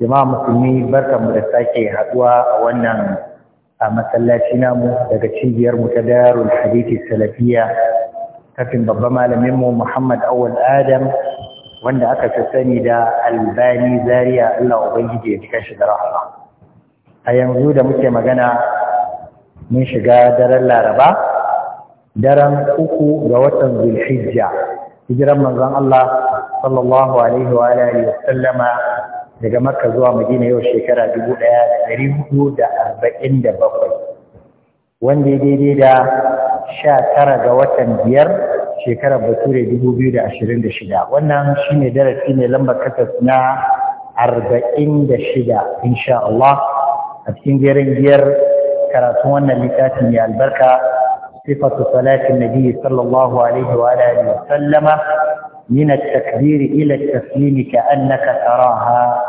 jama'a musulmi mu da sake haduwa a wannan a masallaci namu daga cibiyar mu ta darul hadisi salafiyya kafin babban malamin mu Muhammad Awwal Adam wanda aka fi sani da Albani Zaria Allah ubangiji ya cika shi da rahama a yanzu da muke magana mun shiga daren Laraba daren uku ga watan Zulhijja hijiran manzon Allah sallallahu alaihi wa alihi wa sallama daga makka zuwa madina yau shekara dubu ɗaya da ɗari hudu da arba'in da bakwai wanda ya daidai da sha tara ga watan biyar shekarar bature dubu biyu da ashirin da wannan shine darasi ne lambar kasas na arba'in da shida insha Allah a cikin jerin giyar karatun wannan littafin mai albarka sifatu salatin nabi sallallahu alaihi wa alihi wa sallama من التكبير إلى التسليم كأنك تراها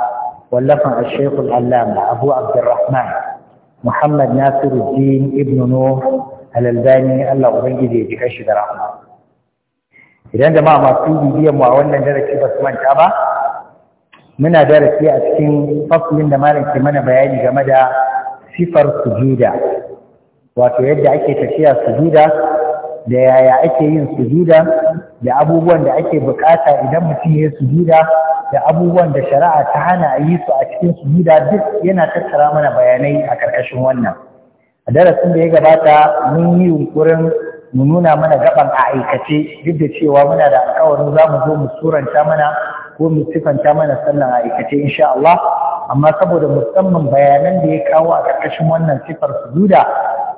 ولفن الشيخ العلامة أبو عبد الرحمن محمد ناصر الدين ابن نور الألباني الله أبنجي ذي كشف رحمه idan jama'a masu bibiyan mu a wannan darasi ba su manta ba muna darasi a cikin fasulin da malam ke mana bayani game da sifar sujuda wato yadda ake tafiya sujuda da yaya ake yin sujuda da abubuwan da ake bukata idan mutum ya sujuda da abubuwan da shari'a ta hana a yi su a cikin sujuda duk yana tattara mana bayanai a karkashin wannan a darasin da ya gabata mun yi yunkurin mu nuna mana gaban a aikace duk da cewa muna da alƙawarin za mu zo mu suranta mana ko mu sifanta mana sallan aikace insha Allah amma saboda musamman bayanan da ya kawo a karkashin wannan sifar sujuda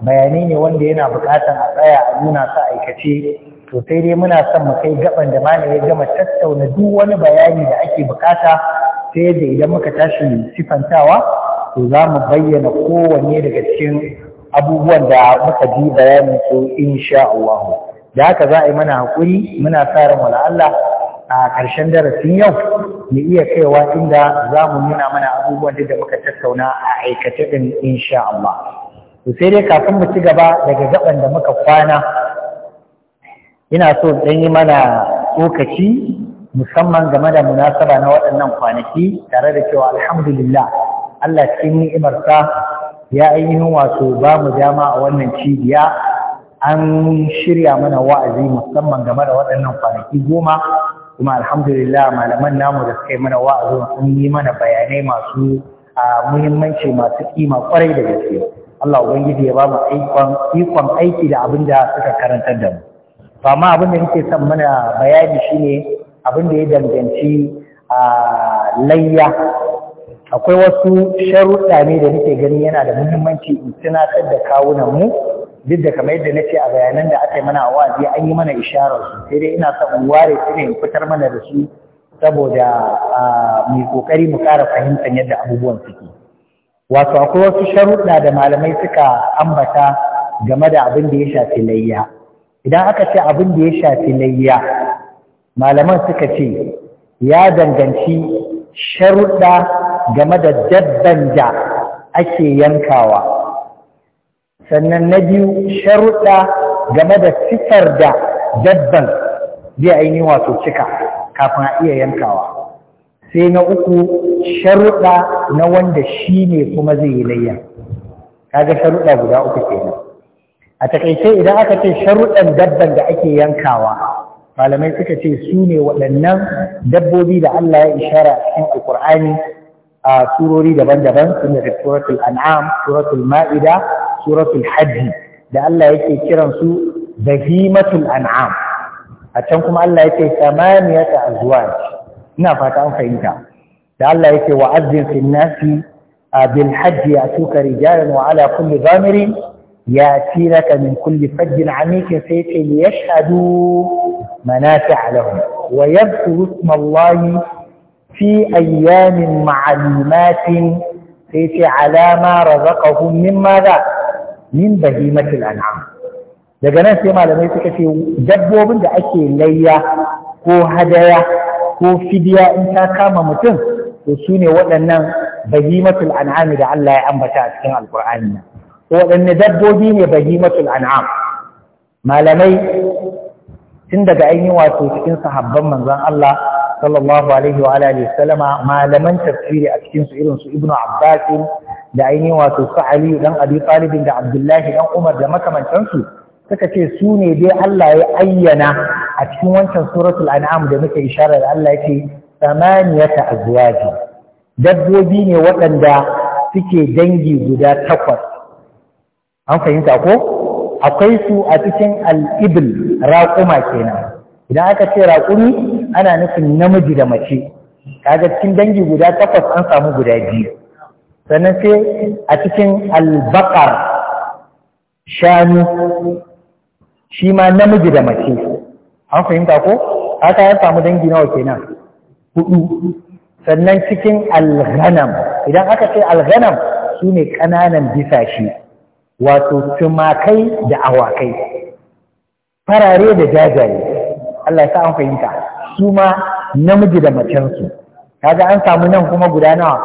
bayanai ne wanda yana bukatan a tsaya a nuna sa aikace to sai dai muna son mu kai gaban da mana ya gama tattauna duk wani bayani da ake bukata, sai da idan muka tashi sifantawa to za mu bayyana kowanne daga cikin abubuwan da muka ji bayanin su insha Allah da haka za a yi mana hakuri, muna sa ran wala Allah a karshen darasin yau mu iya kaiwa inda za mu nuna mana abubuwan da muka tattauna a aikace din insha Allah to sai dai kafin mu ci gaba daga gaban da muka kwana ina so dan yi mana tsokaci musamman game da munasaba na waɗannan kwanaki tare da cewa alhamdulillah Allah cikin ni'imarsa ya ainihin wato ba mu dama a wannan cibiya an shirya mana wa'azi musamman game da waɗannan kwanaki goma kuma alhamdulillah malaman namu da suka yi mana wa'azi sun yi mana bayanai masu ah, muhimmanci masu kima kwarai da gaske Allah ubangiji ya ba mu ikon aiki da abin da suka karantar da mu Ba ma abin da nake son mana bayani shine abin da ya danganci a layya akwai wasu sharuɗa ne da nake gani yana da muhimmanci in tunatar da kawunan mu duk da kamar yadda nace a bayanan da aka yi mana a wazi an yi mana isharar su sai dai ina son ware su ne in fitar mana da su saboda mu yi ƙoƙari, mu ƙara fahimtar yadda abubuwan suke wato akwai wasu sharuɗa da malamai suka ambata game da abin da ya shafi layya idan aka ce abin da ya shafi layya malaman suka ce ya danganci sharuɗa game da dabban da ake yankawa sannan na biyu sharuɗa game da fitar da dabban zai ainihin wato cika kafin a iya yankawa sai na uku sharuɗa na wanda shi ne kuma zai yi layya kaga sharuɗa guda uku kenan a takaice idan aka ce sharuɗan dabban da ake yankawa malamai suka ce su ne waɗannan dabbobi da Allah ya ishara a cikin alkur'ani a surori daban-daban su ne suratul an'am suratul ma'ida suratul hajji da Allah yake kiran su bahimatul an'am a can kuma Allah yake samaniyata azwaj ina fata an fahimta da Allah yake wa azzin fil nasi bil hajji yatuka rijalan wa ala kulli zamiri ya tiraka min zamirin ياتينك من كل فج عميق سيف ليشهدوا منافع لهم ويذكروا اسم الله في ايام معلومات سيف على ما رزقهم من ماذا من بهيمه الانعام daga nan sai malamai suka ce dabbobin da ake layya ko hadaya ko fidiya in ta kama mutum to su ne waɗannan bahimatul an'ami da Allah ya ambata a cikin alkur'ani nan waɗanne dabbobi ne bahimatul an'am malamai tun daga ainihin wato cikin sahabban manzon Allah sallallahu alaihi wa alihi sallama malaman tafsiri a cikin su irin su ibnu abbas da ainihin wato su ali dan abi talib da abdullahi dan umar da makamantansu suka ce su ne dai Allah ya ayyana a cikin wancan suratul an'am da muke isharar Allah ya ce samaniyata azwaji dabbobi ne waɗanda suke dangi guda takwas an fahimta ko akwai su a cikin al'ibil raƙuma kenan idan aka ce raƙumi ana nufin namiji da mace kaga cikin dangi guda takwas an samu guda biyu sannan sai a cikin albakar shanu shi ma namiji da mace an fahimta ko haka ya samu dangi nawa kenan hudu sannan cikin alghanam idan aka ce alghanam su ne ƙananan shi wato tumakai da awakai farare da jajaye Allah ya sa an fahimta su ma namiji da macensu kaga an samu nan kuma guda nawa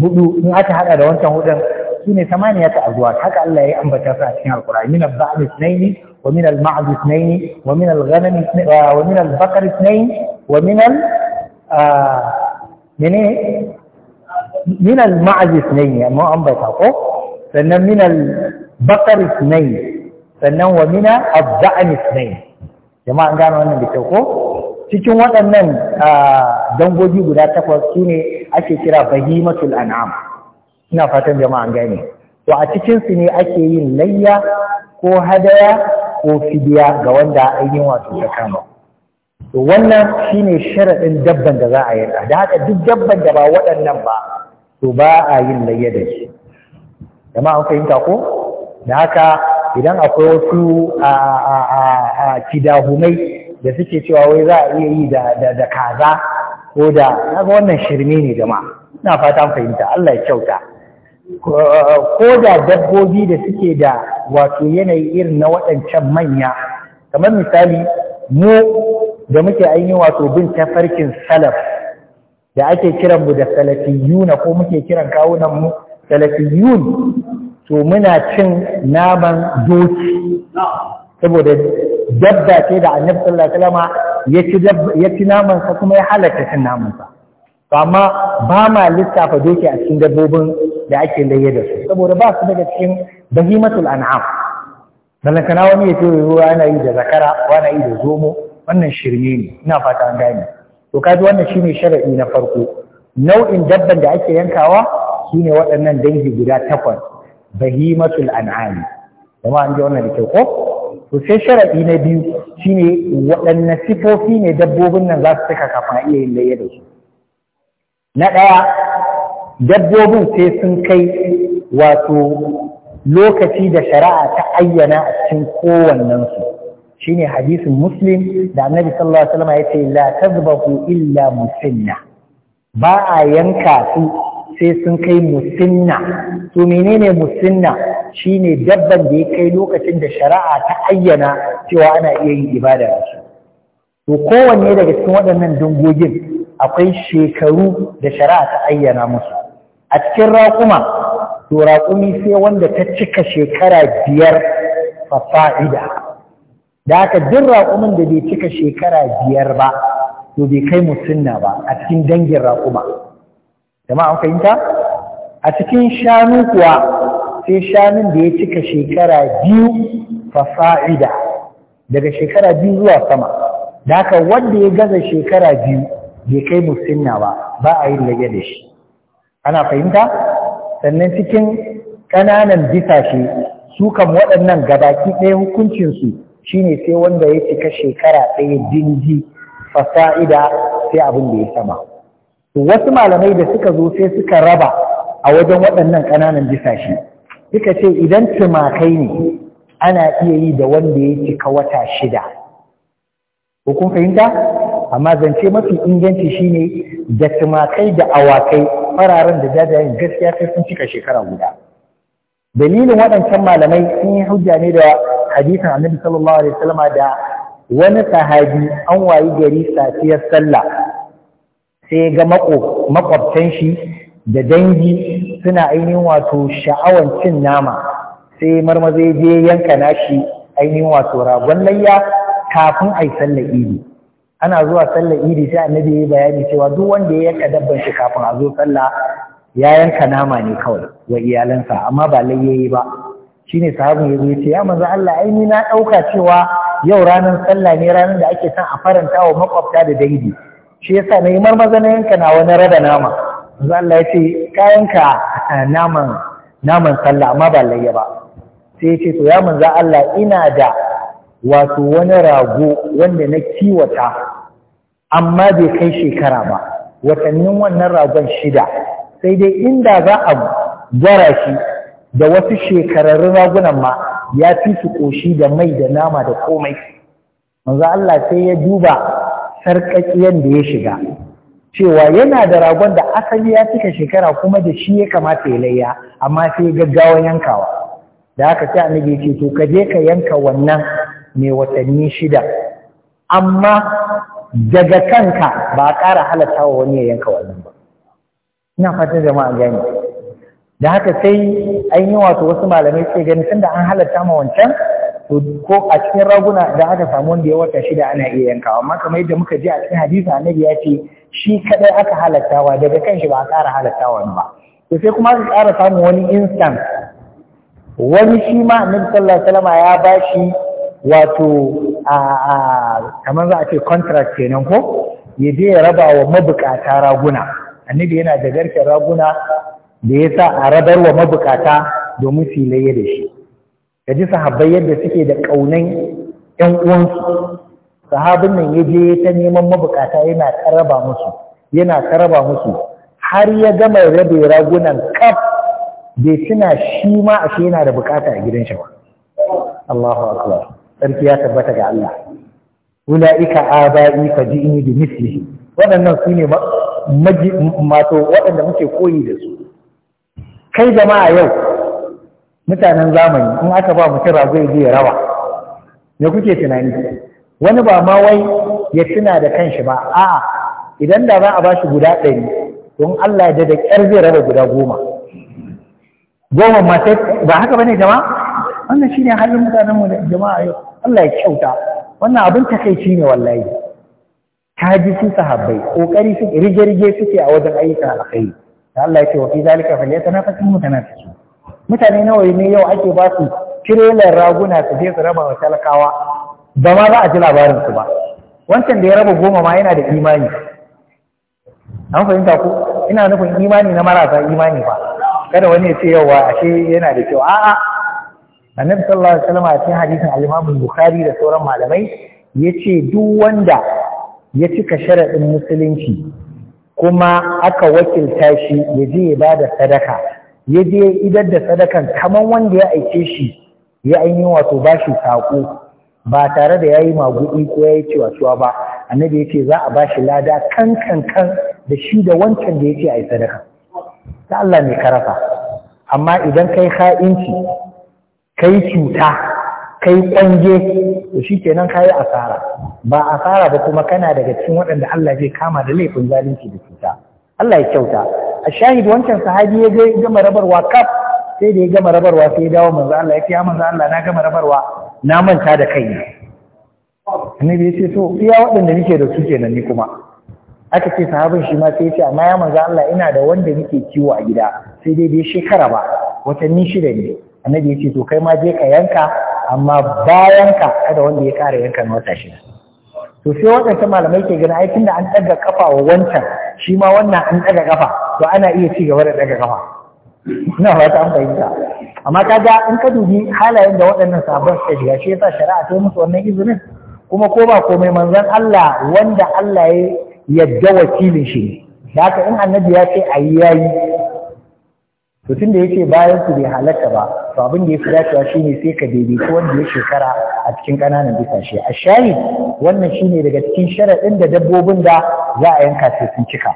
hudu in aka haɗa da wancan hudun su ne samaniya ta azuwa haka Allah ya ambata sa a cikin alkur'ani min ba'd ithnaini ومن المعز اثنين ومن الغنم اثنين ومن البقر اثنين ومن ال من ايه من المعز اثنين ما انبتا ko sannan min al-baqar اثنين sannan wa min al-da'am اثنين jama'an gano wannan da kyau ko cikin waɗannan dangogi guda takwas su ne ake kira bahimatul an'am ina fatan jama'an gane to a cikin su ne ake yin layya ko hadaya ko fidiya ga wanda ainihin wato ta kama to wannan shine sharaɗin dabban da za a yarda da haka duk dabban da ba waɗannan ba to ba a yin layya da shi jama'a an fahimta ko da haka idan akwai wasu a kidahumai da suke cewa wai za a iya yi da kaza ko da kaga wannan shirme ne dama ina fata fahimta Allah ya kyauta ko da dabbobi da suke da wato yanayi irin na waɗancan manya kamar misali mu da muke ainihi wato bin tafarkin salaf da ake kiran mu da salafiyuna ko muke kiran kawunan mu salafiyun to muna cin naman doki saboda dabba ce da annabi sallallahu alaihi wasallam ya ci naman sa kuma ya halatta cin naman sa amma ba ma lissafa doki a cikin dabbobin da ake laye da su saboda ba su daga cikin bahimatul an'am balantana wani ya ce ruwa yana yi da zakara wani yi da zomo wannan shirme ne ina fata an gane to kaji wannan shine sharadi na farko nau'in dabban da ake yankawa shine waɗannan dangi guda takwas bahimatul an'am kuma an ji wannan da kyau ko to sai na biyu shine waɗannan sifofi ne dabbobin nan za su saka kafin a iya yin laye da su na ɗaya dabbobin sai sun kai wato lokaci da shari'a ta ayyana a cikin kowannensu shine hadisin muslim da annabi sallallahu alaihi wasallam ya ce la tazbahu illa musinna ba a yanka su sai sun kai musinna to menene musinna shine dabban da ya kai lokacin da shari'a ta ayyana cewa ana iya yin ibada da su to kowanne daga cikin waɗannan dangogin akwai shekaru da shari'a ta ayyana musu a cikin raƙuma to raƙumi sai wanda ta cika shekara biyar fa'ida. da aka duk raƙumin da bai cika shekara biyar ba to bai kai musunna ba a cikin dangin raƙuma da an fahimta a cikin shanu kuwa sai shanun da ya cika shekara biyu fa'ida. daga shekara biyu zuwa sama da aka wanda ya gaza shekara biyu bai kai musunna ba ba a yi lage da shi ana fahimta sannan cikin ƙananan bisashe su waɗannan gabaki ɗaya hukuncinsu shine sai wanda ya cika shekara ɗaya dingi fasa'ida sai abin da ya sama wasu malamai da suka zo sai suka raba a wajen waɗannan ƙananan bisashe suka ce idan tumakai ne ana iya yi da wanda ya cika wata shida Hukun fahimta amma zance mafi inganci shine da tumakai da awakai fararen da jajayen gaskiya sai sun cika shekara guda dalilin waɗancan malamai sun yi hujja ne da hadisin annabi sallallahu alaihi da wani sahabi an wayi gari safiyar sallah sai ga makwabtan shi da dangi suna ainihin wato sha'awan cin nama sai marmaza je yanka nashi ainihin wato ragon layya kafin a yi sallar idi ana zuwa sallar idi sai annabi ya yi bayani cewa duk wanda ya yanka dabban shi kafin a zo sallah ya yanka nama ne kawai wa iyalansa amma ba layyayi ba shine sahabin ya zo ya ce ya manzo Allah ai ni na dauka cewa yau ranar sallah ne ranar da ake son a faranta wa makwabta da dangi shi yasa na yi marmaza na yanka na wani rada nama manzo Allah ya ce ka yanka eh, naman naman sallah amma ba layya ba sai ya ce to ya manzo Allah ina da wato wani rago wanda na kiwata amma bai kai shekara ba watannin wannan ragon shida sai dai inda za a gwara shi da wasu shekararrun ragunan ma ya fi su ƙoshi da mai da nama da komai manzo Allah sai ya duba sarƙaƙiyan da ya shiga cewa yana da ragon da asali ya cika shekara kuma da shi ya kamata ya layya amma sai gaggawa yankawa da haka sai annabi ya ce to ka je ka yanka wannan mai watanni shida amma daga kanka ba a ƙara halatta wa wani ya yanka wannan ba ina fatan jama'a gani da haka sai an yi wato wasu malamai ce gani tun da an halatta ma wancan ko a cikin raguna da aka samu wanda ya wata shida ana iya yanka amma kamar yadda muka je a cikin hadisi annabi ya ce shi kadai aka halattawa daga kan shi ba a ƙara wa ba to sai kuma aka ƙara samun wani instant wani shi ma annabi sallallahu alaihi wasallam ya bashi wato a kamar za a ce contract kenan ko ya je ya raba wa mabukata raguna annabi yana da garken raguna da ya sa a rabar wa mabukata domin su laye da shi ka ji sahabbai yadda suke da ƙaunan ƴan uwansu sahabin nan ya je ta neman mabukata yana karaba musu yana karaba musu har ya gama rabe ragunan kaf bai tuna shi ma ashe yana da bukata a gidan shi ba Allahu akbar sarki ya tabbata ga Allah ulaika abai fa yi bi mislihi waɗannan su ne mato waɗanda muke koyi da su kai jama'a yau mutanen zamani in aka ba mutum rago ya je rawa me kuke tunani wani ba ma wai ya tuna da kanshi ba a'a idan da za a ba shi guda ɗari don Allah da da ƙyar zai raba guda goma goma ma ba haka bane jama'a wannan shine halin mutanenmu da jama'a yau Allah ya kyauta wannan abin takaici ne wallahi ta ji su sahabbai kokari su rige-rige suke a wajen ayyukan alkhairi da Allah ya ce wa fi zalika falyatanafasul mutanafisun mutane nawa ne yau ake ba su tirelar raguna su je su raba wa talakawa ba ma za a ji labarin su ba wancan da ya raba goma ma yana da imani an fahimta ku ina nufin imani na marasa imani ba kada wani ya ce yauwa ashe yana da kyau a'a annabi sallallahu alaihi wasallam a cikin hadisin al-Imam Bukhari da sauran malamai yace duk wanda ya cika sharadin musulunci kuma aka wakilta shi ya je ya bada sadaka ya je idar da sadakan kaman wanda ya aike shi ya ainihin wato bashi sako ba tare da yayi magudi ko yayi cewa cewa ba annabi yace za a bashi lada kan kan kan da shi da wancan da yace ai sadaka ta Allah ne karafa amma idan kai ha'inci kai cuta kai kwange to shikenan kayi asara ba asara ba kuma kana daga cikin waɗanda Allah zai kama da laifin zalunci da cuta Allah ya kyauta a shahid wancan sahabi ya gama rabarwa kaf sai da ya gama rabarwa sai ya dawo manzo Allah ya ce ya manzo Allah na gama rabarwa na manta da kai annabi ya ce to iya waɗanda nake da su kenan ni kuma aka ce sahabin shi ma sai ya ce amma ya manzo Allah ina da wanda nake kiwo a gida sai dai bai shekara ba watanni shida ne annabi ya ce to kai ma je ka yanka amma bayan ka kada wanda ya kara yanka na wata shida to sai waɗansu malamai ke gani aikin da an ɗaga kafa wa wancan shi ma wannan an ɗaga kafa to ana iya ci gaba da ɗaga kafa ina ta an fahimta amma ga in ka dubi halayen da waɗannan sabon suka shiga shi yasa shari'a ta yi musu wannan izinin kuma ko ba komai manzon Allah wanda Allah ya yadda wakilin shi ne da haka in annabi ya ce ayi yayi to tun da yake bayan su bai halatta ba to abin da ya fi dacewa shine sai ka daidaita wanda ya shekara a cikin ƙananan bisashe a shayi wannan shine daga cikin sharaɗin da dabbobin da za a yanka sai sun cika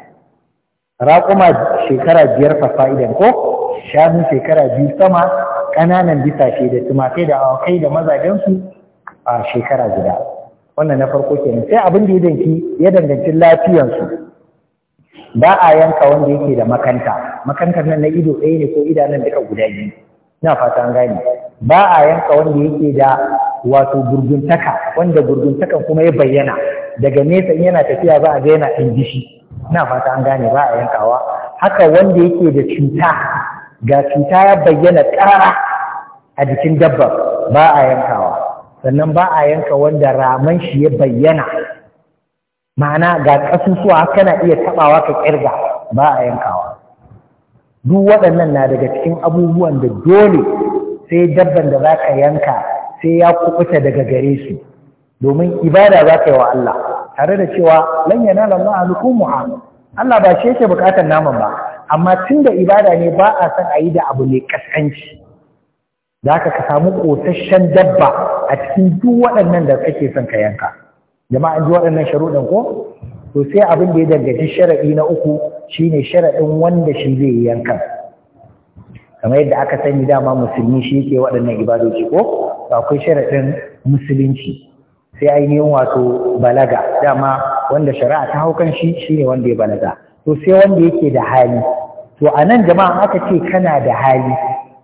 raƙuma shekara biyar fa'idan ko shanu shekara biyu sama ƙananan bisashe da tumakai da awakai da mazajensu a shekara guda wannan na farko kenan sai abin da ya danki ya danganci lafiyansu ba a yanka wanda yake da makanta makantar nan na ido ɗaya ne ko idanun duka guda biyu ina fata an gane ba a yanka wanda yake da wato gurguntaka wanda gurguntakan kuma ya bayyana daga nesa yana tafiya ba a ga yana ɗan gishi ina fata an gane ba a yankawa haka wanda yake da cuta ga cuta ya bayyana ƙara a jikin dabba ba a yankawa sannan ba a yanka wanda raman shi ya bayyana ma'ana ga ƙasusuwa kana iya taɓawa ka ƙirga ba a yankawa duk waɗannan na daga cikin abubuwan da dole sai dabban da za ka yanka sai ya kuɓuta daga gare su domin ibada za ka yi wa Allah tare da cewa lan yanala Allah a Allah ba shi yake bukatar naman ba amma tunda ibada ne ba a san a yi da abu ne kaskanci za ka samu ƙosasshen dabba a cikin duk waɗannan da kake son ka yanka jama'a an ji waɗannan sharuɗin ko to sai abin da ya dangaci sharaɗi na uku shine sharaɗin wanda shi zai yi yankan kamar yadda aka sani dama musulmi shi yake waɗannan ibadoci ko akwai sharaɗin musulunci sai ainihin wato balaga dama wanda shari'a ta hau kan shi shine wanda ya balaga to sai wanda yake da hali to a nan jama'a aka ce kana da hali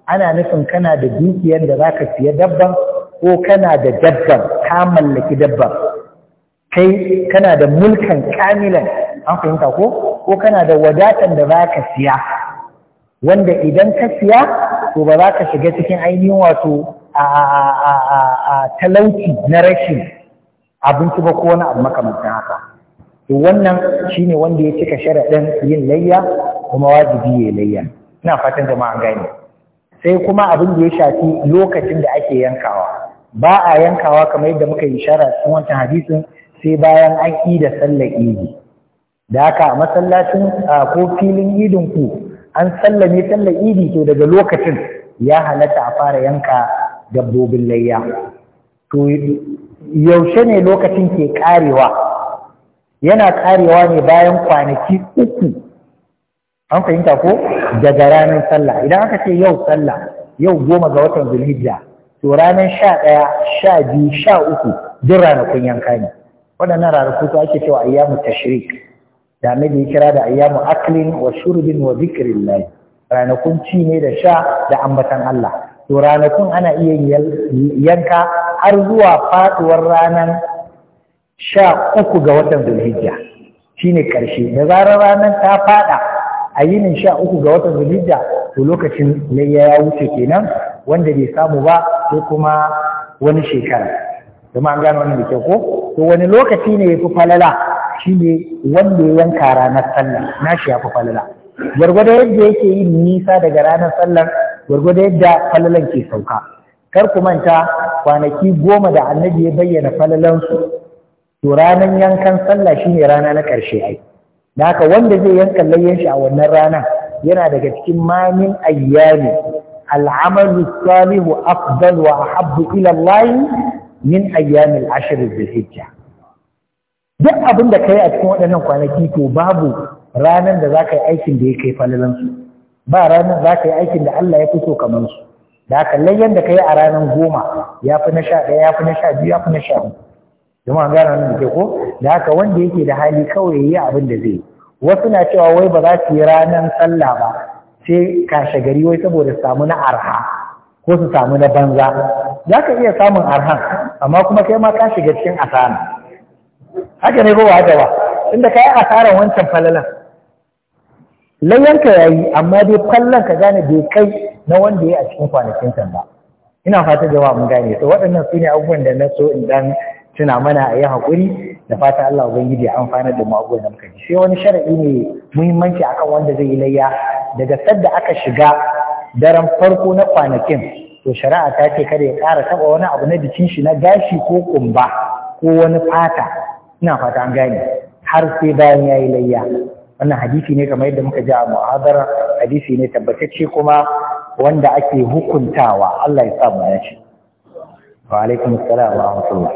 ana nufin kana da dukiyar da za ka siya dabban ko kana da dabban ka mallaki dabban kai kana da mulkan kamilan an fahimta ko ko kana da wadatan da za ka siya wanda idan ka siya to ba za ka shiga cikin ainihin wato a talauci na rashin abinci ba ko wani abu makamantan haka to wannan shine wanda ya cika sharaɗin yin layya kuma wajibi ya layya ina fatan jama'a gane sai kuma abin da ya shafi lokacin da ake yankawa ba a yankawa kamar yadda muka yi shara cikin wancan hadisin sai bayan an yi da sallar idi da haka masallacin ko filin idin ku an sallame sallar idi to daga lokacin ya halatta a fara yanka dabbobin layya to yaushe ne lokacin ke karewa yana karewa ne bayan kwanaki uku an fahimta ko daga ranar sallah idan aka ce yau sallah yau goma ga watan zulhijja to ranar sha ɗaya sha biyu sha uku duk ranakun yanka ne waɗannan ranaku su ake cewa ayyamu tashrik da annabi ya kira da ayyamu aklin wa shurbin wa zikrillah ranakun ci ne da sha da ambatan Allah to ranakun ana iya yanka har zuwa faduwar ranan sha uku ga watan zulhijja shine karshe da zarar ranar ta fada a yinin sha uku ga watan zulhijja to lokacin layya ya wuce kenan wanda bai samu ba ko kuma wani shekara kuma an gano wannan da kyau. ko to wani lokaci ne ya fi falala shi ne wanda ya yanka ranar sallah na shi ya fi falala gwargwado yadda yake yin nisa daga ranar Sallah gwargwado yadda falalan ke sauka kar ku manta kwanaki goma da annabi ya bayyana falalansu to ranar yankan sallah shine rana na ƙarshe ai da haka wanda zai yanka layyan shi a wannan ranar yana daga cikin mamin ayyami al'amalu salihu afdal wa ahabbu ila Allah min ayyamil ashr hijja duk abin da kai a cikin waɗannan kwanaki to babu ranar da zaka yi aikin da ya kai falalan su ba ranar zaka yi aikin da Allah ya fito kamar su da haka layyan da kai a ranar goma ya fi na sha ɗaya ya fi na sha biyu ya fi na sha uku jama'a gara nan da ke ko da haka wanda yake da hali kawai ya yi abin da zai wasu na cewa wai ba za su yi ranar sallah ba sai kashe gari wai saboda samu na arha ko su samu na banza za ka iya samun arhan amma kuma kai ma ka shiga cikin asara haka ne ba da wa inda ka yi asaran wancan falalan layyanka ya yi amma dai fallon ka gane bai kai na wanda ya a cikin kwanakin can ba ina fata jama'a mun gane to waɗannan su ne abubuwan da na so in dan tuna mana a yi haƙuri da fata Allah Ubangiji ya amfana da mu da muka ji sai wani shari'i ne muhimmanci akan wanda zai yi layya daga sadda aka shiga daren farko na kwanakin to shari'a ta ce kada ya ƙara taɓa wani abu na jikin shi na gashi ko kumba ko wani fata ina fata an gane har sai bayan ya yi layya wannan hadisi ne kamar yadda muka ji a mu'adara hadisi ne tabbatacce kuma wanda ake hukuntawa Allah ya sa mu dace wa alaikum assalam wa rahmatullah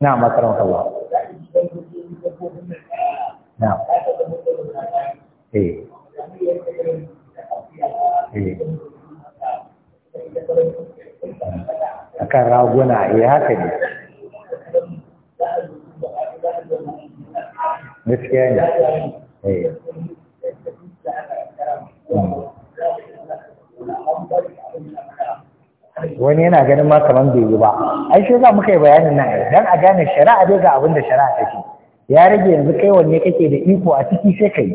na makaran Allah na eh eh akan raguna ya eh, haka ne gaskiya ne eh. wani yana ganin ma kamar bai yi ba ai shi za mu kai bayanin nan eh, dan a gane shari'a dai ga abin da shari'a take ya rage yanzu kai wanne kake da iko a ciki sai kai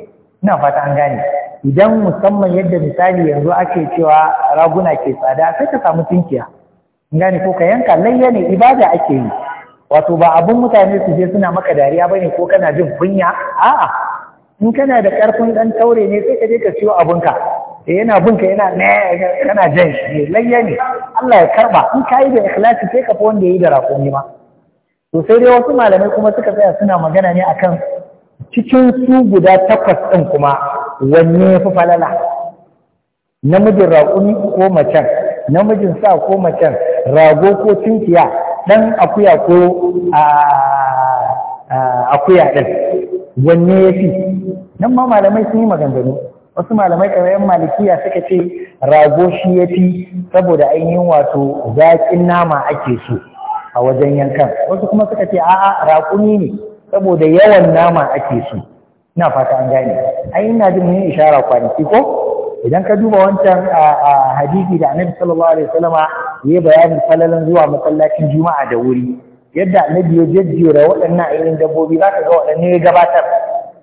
ina fata an gane idan musamman yadda misali yanzu ake cewa raguna ke tsada sai ka samu tinkiya gane ko ka yanka layya ne ibada ake yi wato ba abun mutane su je suna maka dariya bane ko kana jin kunya a'a in kana da karfin dan taure ne sai ka je ka siyo abunka eh yana bunka yana ne kana jan shi eh, layya ne Allah ya karba in kai da ikhlasi sai ka fa wanda yayi da rakumi ma to sai dai wasu malamai kuma suka tsaya suna magana ne akan cikin su guda takwas din kuma wanne ya fi falala namijin raƙumi ko macen namijin sa ko macen rago ko cinkiya ɗan akuya ko akuya ɗin wanne ya fi nan ma malamai sun yi maganganu wasu malamai kamar malikiya suka ce rago shi ya fi saboda ainihin wato zaƙin nama ake so a wajen yankan wasu kuma suka ce a'a raƙumi ne saboda yawan nama ake so ina fata an gane ai ina jin mun ishara kwanaki ko idan ka duba wancan hadisi da annabi sallallahu alaihi wasallama yayi bayanin falalan zuwa masallacin juma'a da wuri yadda annabi ya jejjera waɗannan ainihin dabbobi za ka ga waɗannan ya gabatar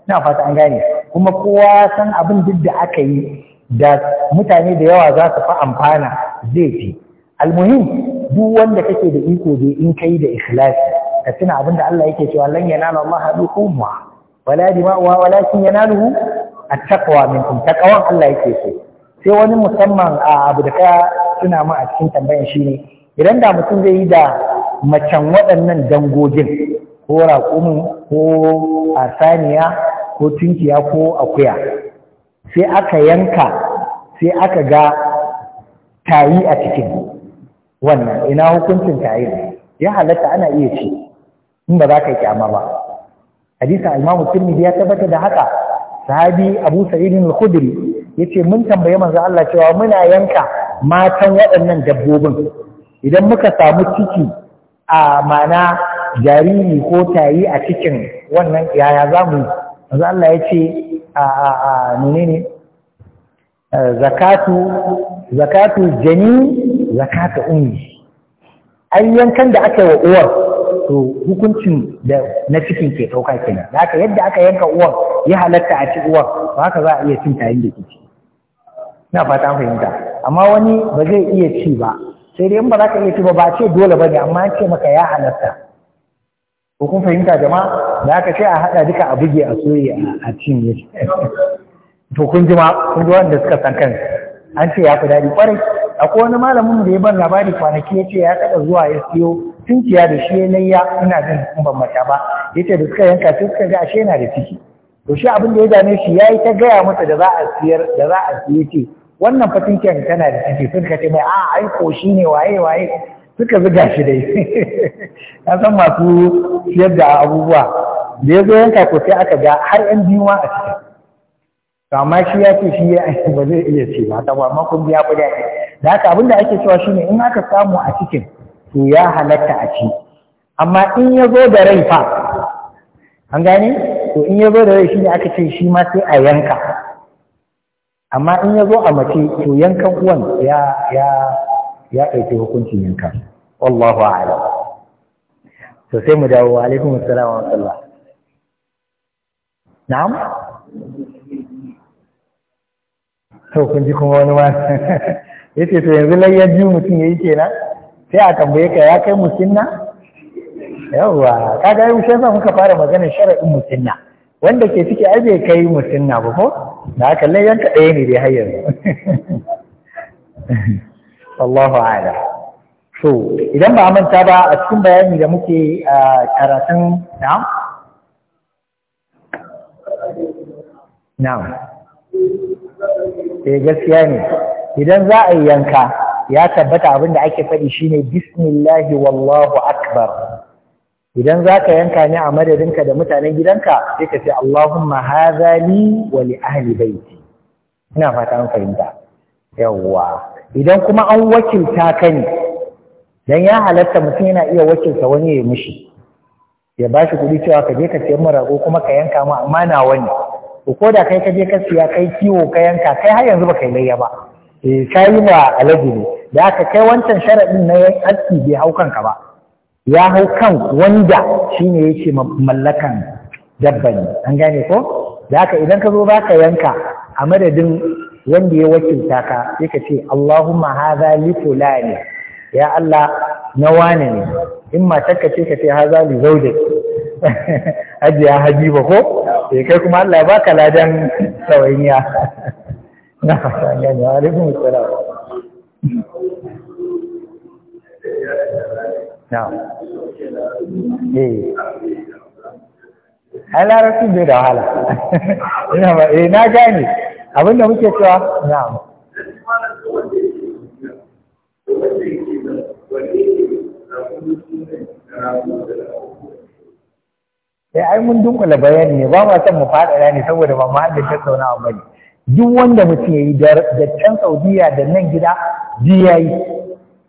ina fata an gane kuma kowa san abin duk da aka yi da mutane da yawa za su fi amfana zai fi almuhim duk wanda kake da iko dai in kai da ikhlasi ka tuna abin da Allah yake cewa lan yanala Allah hadukum wala dima'uha walakin yanaluhu at-taqwa minkum taqwan Allah yake so sai wani musamman a abu da kaya suna ma a cikin tambayan shine idan da mutum zai yi da macen waɗannan dangogin ko raƙumin ko asaniya ko tunkiya ko akuya sai aka yanka sai aka ga tayi a cikin wannan ina hukuncin tayi ya halatta ana iya ci in ba za ka yi kyama ba hadisin al-Imam ya tabbata da haka sahabi Abu Sa'id al-Khudri yace mun tambaye manzo Allah cewa muna yanka matan waɗannan dabbobin idan muka samu ciki a mana jariri ko tayi a cikin wannan yaya zamu manzo Allah yace a a a menene zakatu zakatu jani zakatu ummi ai yankan da aka yi wa uwar wato hukuncin da na cikin ke ɗauka kenan da haka yadda aka yanka uwan ya halatta a ci uwan ba haka za a iya cin tayin da ke ci ina fata an fahimta amma wani ba zai iya ci ba sai dai in ba za ka iya ci ba ba ce dole ba ne amma an ce maka ya halatta ko kun fahimta jama'a da aka ce a haɗa duka a buge a soye a ci to kun ji ma kun ji wanda suka san kansu an ce ya fi daɗi kwarai akwai wani malamin da ya ban labari kwanaki ya ce ya taɓa zuwa ya siyo tunkiya da shi ya ina jin kun ban mata ba yace da suka yanka sai suka ga ashe yana da ciki to shi abin da ya gane shi yayi ta gaya masa da za a siyar da za a siye ce wannan fatinkiyar tana da ciki sun ce mai a ai ko shi ne waye waye suka zuga shi dai na san masu siyar da abubuwa da ya zo yanka ko sai aka ga har yan biyu ma a ciki to amma shi ya ce shi ya ba zai iya ce ba ta amma kun biya kuɗi da haka abin da ake cewa ne in aka samu a cikin to ya halatta a ci amma in ya zo da rai fa an gane to in ya zo da rai shine aka ce shi ma sai a yanka amma in ya zo a mace to yankan uwan ya ya ya ɗauki hukuncin yanka wallahu a'lam to sai mu dawo wa alaikum assalam wa rahmatullah na'am to kun ji kuma wani ma yace to yanzu lai ya ji mutum yayi kenan sai a tambaye ka ya kai musinna yawwa kaga yau zan muka fara magana sharaɗin musinna wanda ke ciki ai bai kai musinna ba ko da haka yanka ɗaya ne dai har yanzu wallahu a'lam so idan ba manta ba a cikin bayani da muke a karatun na na eh gaskiya ne idan za a yi yanka ya tabbata abin da ake faɗi shine bismillahi wallahu akbar idan za ka yanka ne a madadinka da mutanen gidanka sai ka ce Allahumma haza li wa li ahli baiti ina fata an fahimta yawwa idan kuma an wakilta ka ne dan ya halatta mutum yana iya wakilta wani ya mishi ya bashi shi kuɗi cewa ka je ka siyan mu rago kuma ka yanka mu amma na wani to ko da kai ka je ka siya kai kiwo ka yanka kai har yanzu baka yi layya ba eh kai ma alaji ne da aka kai wancan sharaɗin na yan aski bai hau kanka ba ya hau kan wanda shine yake mallakan dabba ne an gane ko da aka idan ka zo ba ka yanka a madadin wanda ya wakilta ka sai ka ce Allahumma hadha li fulani ya Allah na wane ne in matar ka ce ka ce hadha li zawjik hajiya habiba ko sai eh, kai kuma Allah ya baka ladan sawaiya na fata gani wa alaikum assalam na eh ai larabci bai da wahala ina ba eh na gane abinda muke cewa na sai eh, ai mun dunkula bayani ne ba ma son mu faɗaɗa ne saboda ba mu haɗin tattaunawa ba ne duk wanda mutum ya yi da can saudiya da nan gida ji ya yi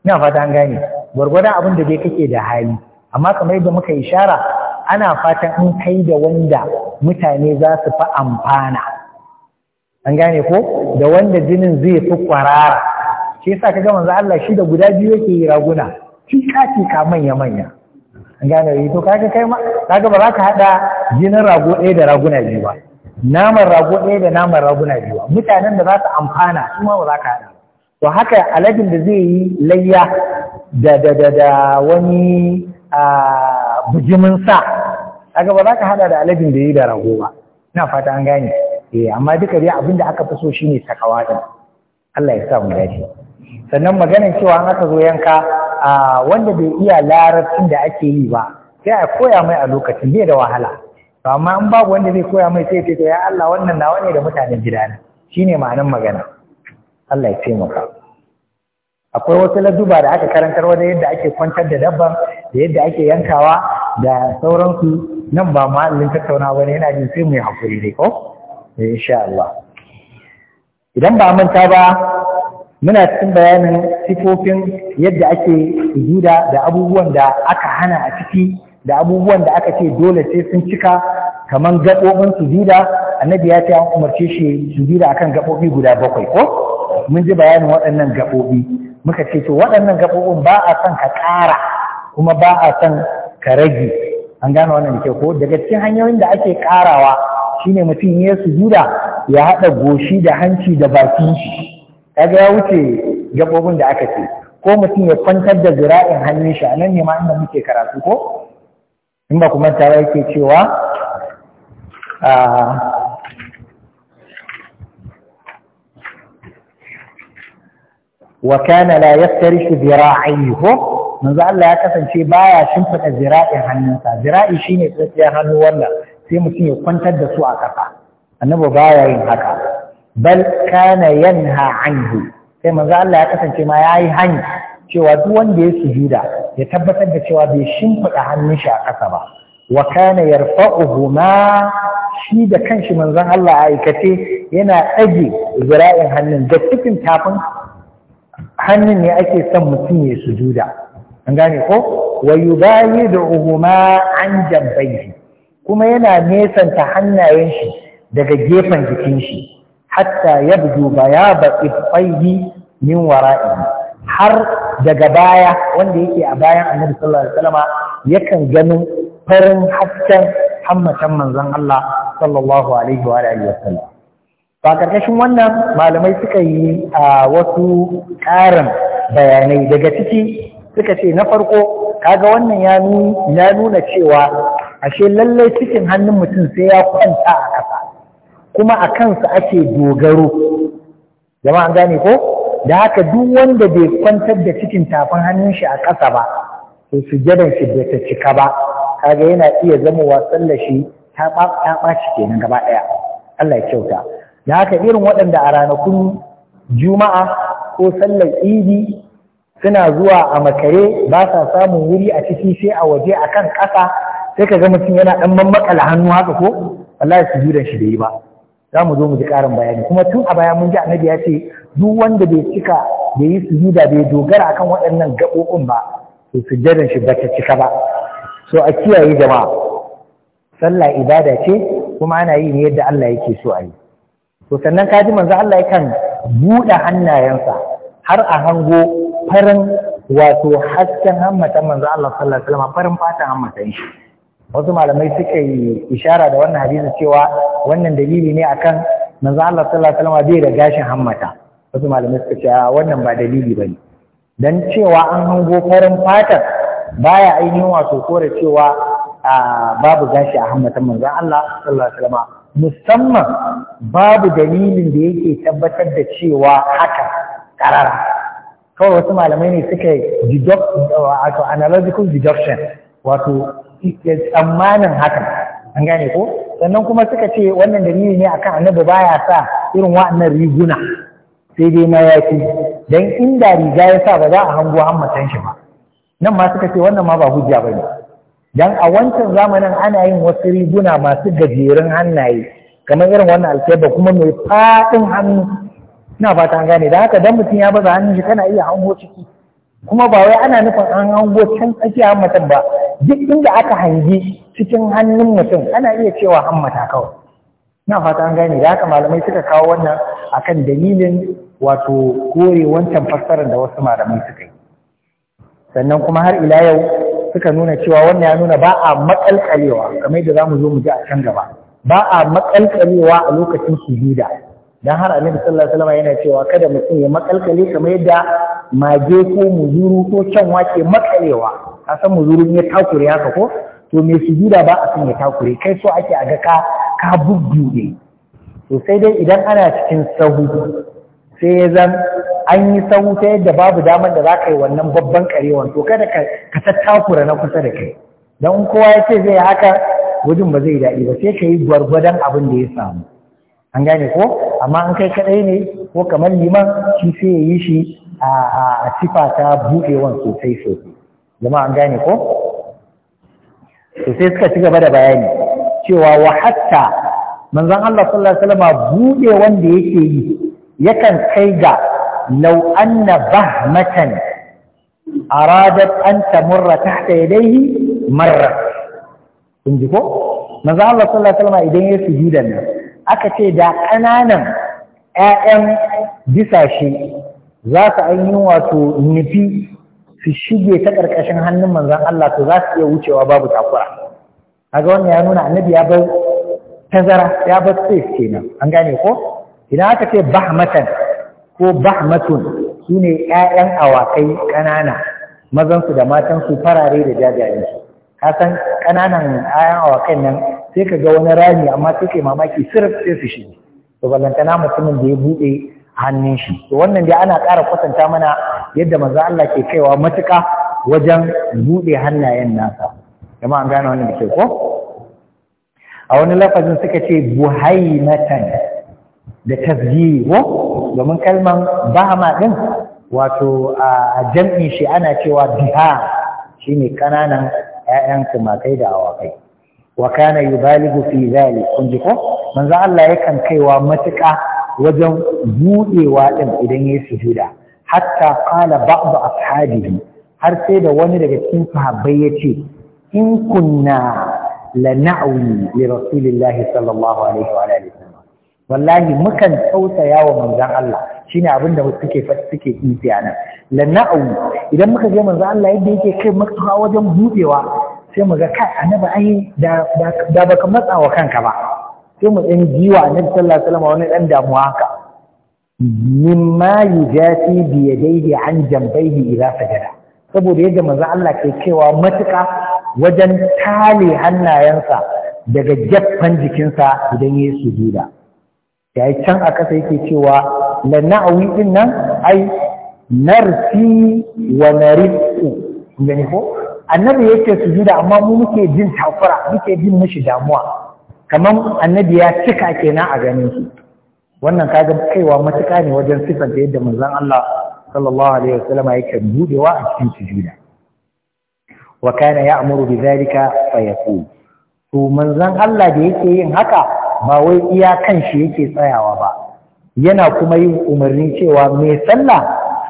na fata gane gwargwadon abin da dai kake da hali amma kamar yadda muka ishara ana fatan in kai da wanda mutane za su fi amfana an gane ko da wanda jinin zai fi kwarara shi yasa kaga manzo Allah shi da guda biyu yake yi raguna tika tika manya manya an gane to kaga kai ma kaga ba za ka hada jinin rago ɗaya da raguna biyu ba naman rago ɗaya da naman raguna biyu mutanen da za su amfana su ma ba za ka haɗa to haka alajin da zai yi layya da da da da wani bujimin sa kaga ba za ka haɗa da alajin da yi da rago ba ina fata an gane eh amma duka dai abin da aka fi so shine sakawa Allah ya sa mu dace sannan magana cewa an aka zo yanka wanda bai iya larabcin da ake yi ba sai a koya mai a lokacin bai da wahala to amma in babu wanda zai koya mai sai to ya Allah wannan nawa ne da mutanen gidana shine ma'anar magana Allah ya taimaka akwai wasu laduba da aka karantar da yadda ake kwantar da dabban da yadda ake yankawa da sauransu nan ba ma'allin tattauna ba ne yana jin sai mu yi hakuri ne ko eh, insha Allah idan ba manta ba muna cikin bayanin sifofin yadda ake juda da abubuwan da aka hana a ciki da abubuwan da aka ce dole sai sun cika kamar gaɓoɓin sujuda annabi ya ce an umarce shi a akan gaɓoɓi guda bakwai ko mun ji bayanin waɗannan gaɓoɓi muka ce to waɗannan gaɓoɓin ba a son ka ƙara kuma ba a son ka rage an gane wannan ke ko daga cikin hanyoyin da ake ƙarawa shine mutum ya su sujuda ya haɗa goshi da hanci da bakin shi kaga ya wuce gaɓoɓin da aka ce ko mutum ya kwantar da zira'in hannun shi a nan ne ma inda muke karatu ko in ba kuma tare yake cewa wa kana la yaftarishu dhira'ihi manzo Allah ya kasance baya shimfida zira'in hannunsa zira'i shine tsakiyar hannu wannan sai mutum ya kwantar da su a ƙasa annabi baya yin haka bal kana yanha anhu sai manzo Allah ya kasance ma yayi hanya cewa duk wanda ya sujuda ya tabbatar da cewa bai shimfiɗa hannun shi a ƙasa ba wa kana yarfa'uhu ma shi da kanshi manzon Allah a aikace yana ɗage zira'in hannun da cikin tafin hannun ne ake son mutum ya sujuda an gane ko wa yubayiduhu ma an jambayhi kuma yana nesanta hannayen shi daga gefen jikin shi hatta yabdu bayaba ibaihi min wara'i har daga baya wanda yake a bayan annabi sallallahu alaihi ya yakan ganin farin hasken hammatan manzon Allah sallallahu alaihi wa alihi wasallam ba karkashin wannan malamai suka yi a wasu ƙarin bayanai daga ciki suka ce na farko kaga wannan ya nuna cewa ashe lallai cikin hannun mutum sai ya kwanta a ƙasa kuma a kansa ake dogaro jama'an gane ko da haka duk wanda bai kwantar da cikin tafin hannun shi a ƙasa ba to sujjadan shi bai ta cika ba kaga yana iya zama sallar shi ta shi kenan gaba daya Allah ya kyauta da haka irin waɗanda a ranakun juma'a ko sallar idi suna zuwa a makare ba sa samun wuri a ciki sai a waje a kan ƙasa sai ka ga mutum yana ɗan mammakala hannu haka ko Allah ya sujudan shi da yi ba za mu zo mu ji ƙarin bayani kuma tun a baya mun ji annabi ya ce duk wanda bai cika da yi sujuda bai dogara akan waɗannan gaɓoɓin ba to sujjadan shi ba ta cika ba so a kiyaye jama'a sallah ibada ce kuma ana yi ne yadda Allah yake so a yi to sannan ka ji manzo Allah yakan buɗe hannayensa har a hango farin wato hasken hammatan manzo Allah sallallahu alaihi wasallam farin fatan hammatan shi wasu malamai suka yi ishara da wannan hadisi cewa wannan dalili ne akan manzo Allah sallallahu alaihi wasallam bai da gashin hammata wasu malamai suka ce wannan ba dalili bane dan cewa an hango farin fata baya ainihin wato kore cewa babu gashi a hammatan manzo Allah sallallahu alaihi wasallam musamman babu dalilin da yake tabbatar da cewa haka karara kawai wasu malamai ne suka yi wato analogical deduction wato tsammanin hakan an gane ko sannan kuma suka ce wannan dalili ne akan annabi baya sa irin wa'annan riguna sai dai mayafi dan inda riga ya sa ba za a hango matan shi ba nan ma suka ce wannan ma ba hujja ne. dan a wancan zamanin ana yin wasu riguna masu gajerun hannaye kamar irin wannan alkaiba kuma mai faɗin hannu ina fata an gane da haka dan mutum ya baza hannun shi kana iya hango ciki kuma ba wai ana nufin an hango can tsakiya mutum ba duk inda aka hangi cikin hannun mutum ana iya cewa hammata kawai na fata an gane da haka malamai suka kawo wannan akan dalilin wato kore wancan fassarar da wasu malamai suka yi sannan kuma har ila yau suka nuna cewa wannan ya nuna ba a makalkalewa kamar da zamu zo mu ji a can gaba ba a makalkalewa a lokacin sujuda dan har annabi sallallahu alaihi wasallam yana cewa kada mutum ya makalkale kamar yadda mage ko muzuru ko canwa ke makalewa a san muzurin ya takure haka ko to mai sujuda ba a san ya takure kai so ake a ga ka ka bubbude to sai dai idan ana cikin sahu sai ya zan an yi sahu ta yadda babu damar da za ka yi wannan babban karewan to kada ka tattakura na kusa da kai don kowa ya ce zai haka gudun ba zai daɗi ba sai ka yi gwargwadon abin da ya samu an gane ko amma an kai kaɗai ne ko kamar liman shi sai ya yi shi a sifa ta buɗewan sosai sosai jama'a an gane ko to sai suka ci gaba da bayani cewa wa hatta manzon Allah sallallahu alaihi wasallam bude wanda yake yi yakan kai ga law anna bahmatan aradat an tamurra tahta yadayhi marra kun ji ko manzon Allah sallallahu alaihi wasallam idan ya sujuda nan aka ce da kananan ƴaƴan bisashe za su an yi wato nufi su shige ta ƙarƙashin hannun manzan Allah to za su iya wucewa babu takura kaga wannan ya nuna annabi ya bar tazara ya bar space kenan an gane ko idan aka ce bahmatan ko bahmatun sune ƴaƴan awakai ƙanana mazansu da matansu farare da jajayensu ka san ƙananan ƴaƴan awakan nan sai ka ga wani rami amma sai kai mamaki sirf sai su shige to ballantana mutumin da ya buɗe hannun shi to wannan dai ana ƙara kwatanta mana yadda manzo Allah ke kaiwa matuƙa wajen bude hannayen nasa kuma an gane wannan ke ko a wani lafazin suka ce buhaimatan da tasjiri ko domin kalman bahama din wato a jam'i shi ana cewa biha shine kananan ƴaƴan tumakai da awakai wa kana yubaligu fi zalik kun ji ko manzo Allah yakan kaiwa matuƙa wajen buɗewa ɗin idan ya sujuda hatta qala a ashabihi har sai da wani daga cikin ya ce, in kunna lana'wi li rasulillahi sallallahu alaihi wa alihi wallahi mukan tausaya wa manzon Allah shine abin da suke suke a nan lana'wi idan muka je manzan Allah yadda yake kai maka wajen buɗewa sai mu ga kai annabi ai da da baka matsa wa kanka ba sai mu ɗan jiwa na sallah salama wani ɗan damuwa haka yi yujafi biya daidai an jambayhi ila sajada saboda yadda maza Allah ke cewa matuƙa wajen tale hannayensa daga jaffan jikinsa idan ya yi sujuda ya yi can a ƙasa yake cewa la na'awi din nan ai narfi wa narifu gani ko annabi yake sujuda amma mu muke jin takura muke jin mashi damuwa kamar annabi ya cika kenan a ganin shi wannan kaga kaiwa matuƙa ne wajen sifanta yadda manzon Allah sallallahu alaihi wasallam yake budewa a cikin sujuda wa kana ya'muru zalika fa yaqul to manzon Allah da yake yin haka ba wai iya kan shi yake tsayawa ba yana kuma yin umarni cewa me sallah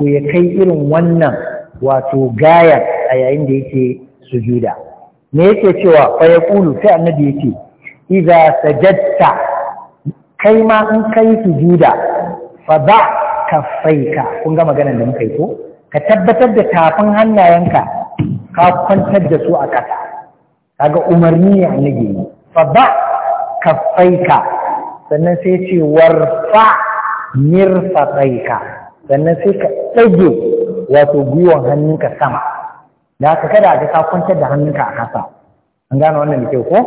to ya kai irin wannan wato gaya a yayin da yake sujuda me yake cewa fa yaqulu sai annabi yake idza sajadta kai ma in kai sujuda fa da kaffaika kun ga maganar da muka yi ko ka tabbatar da tafin hannayenka ka kwantar da su a ƙasa kaga umarni ne annabi ne fa da kaffaika sannan sai ce warfa mirfaqaika sannan sai ka tsage wato gwiwon hannunka sama da aka kada ka kwantar da hannunka a ƙasa an gane wannan da kyau ko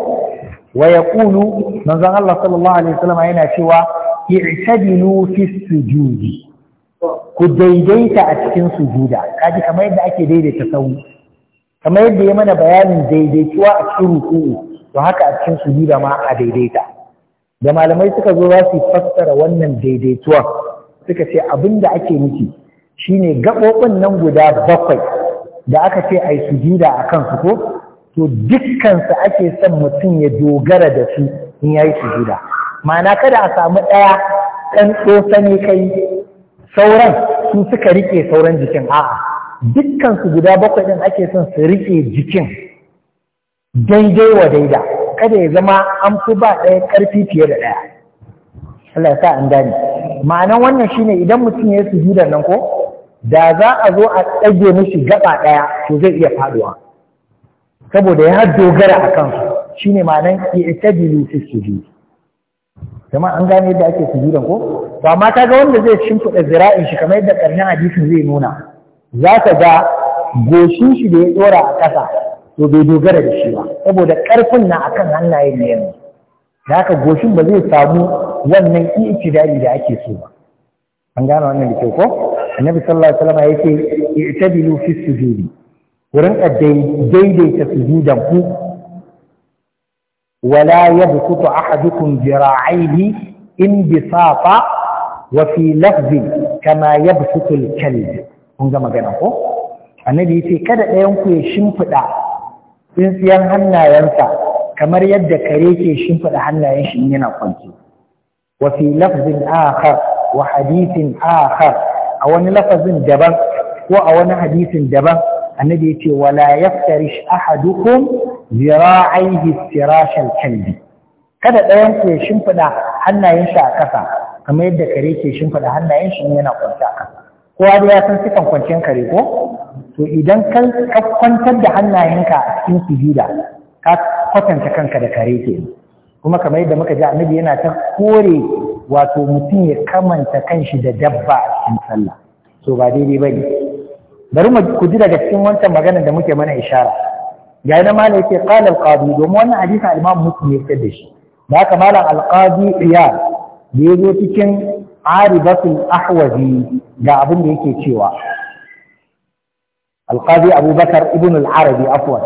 wa yaqulu manzon Allah sallallahu alaihi wasallam yana cewa i'tadilu fi sujudi ku daidaita a cikin sujuda kaji kamar yadda ake daidaita sahu kamar yadda ya mana bayanin daidaituwa a cikin ruku'u to haka a cikin sujuda ma a daidaita da malamai suka zo za su fassara wannan daidaituwa suka ce abin da ake nufi shine gaɓoɓin nan guda bakwai da aka ce a yi sujuda a kansu ko to dukkansu ake son mutum ya dogara da su in ya yi sujuda ma'ana kada a samu ɗaya ɗan tsotsa ne kai sauran su suka riƙe sauran jikin a'a dukkansu guda bakwai ɗin ake son su riƙe jikin daidai wa daida kada ya zama an fi ba ɗaya ƙarfi fiye da ɗaya Allah ya sa an gane ma'anan wannan shine idan mutum ya yi sujudan nan ko da za a zo a ɗage mishi gaba ɗaya to zai iya faɗuwa saboda ya dogara a kansu shine ma'anan su su sujud jama'a an gane yadda ake sujudan ko ma ta ga wanda zai kuɗa zira'in shi kamar yadda ƙarshen hadisin zai nuna za ka ga goshin shi da ya ɗora a ƙasa to bai dogara da shi ba saboda ƙarfin na akan hannayen ne yanzu da haka goshin ba zai samu wannan i'tidali da ake so ba an gane wannan da kyau ko annabi sallallahu alaihi wasallam yake i'tadilu fi sujudi ku rinka daidaita sujudan ku wala yabsutu ahadukum jira'aihi in bisafa wa fi lafzi kama yabsutu al-kalb kun ga magana ko annabi yace kada ɗayan ku ya shimfida tsintsiyan hannayensa kamar yadda kare ke shimfida hannayen shi yana kwanci wa fi lafzin akhar wa hadithin akhar a wani lafazin daban ko a wani hadisin daban annabi yace wala yaftarish ahadukum zira'aihi firashal kalbi kada ɗayan ku ya shimfida hannayen shi a ƙasa kamar yadda kare ke shimfida hannayen shi yana kwanta a ƙasa kowa da ya san sifan kwanciyar kare ko to idan ka kwantar da hannayenka a cikin sujuda ka kwatanta kanka da kare ke kuma kamar yadda muka ji annabi yana ta kore wato mutum ya kamanta kanshi da dabba a cikin sallah To ba daidai bane bari mu ku ji daga cikin wancan magana da muke mana ishara ga yana mala yake qala al-qadi domin wannan hadisi al-imam muslim ya fitar da shi da haka mala al-qadi iyad da yazo cikin aribatul ahwazi ga abin da yake cewa al-qadi abubakar ibn al-arabi afwan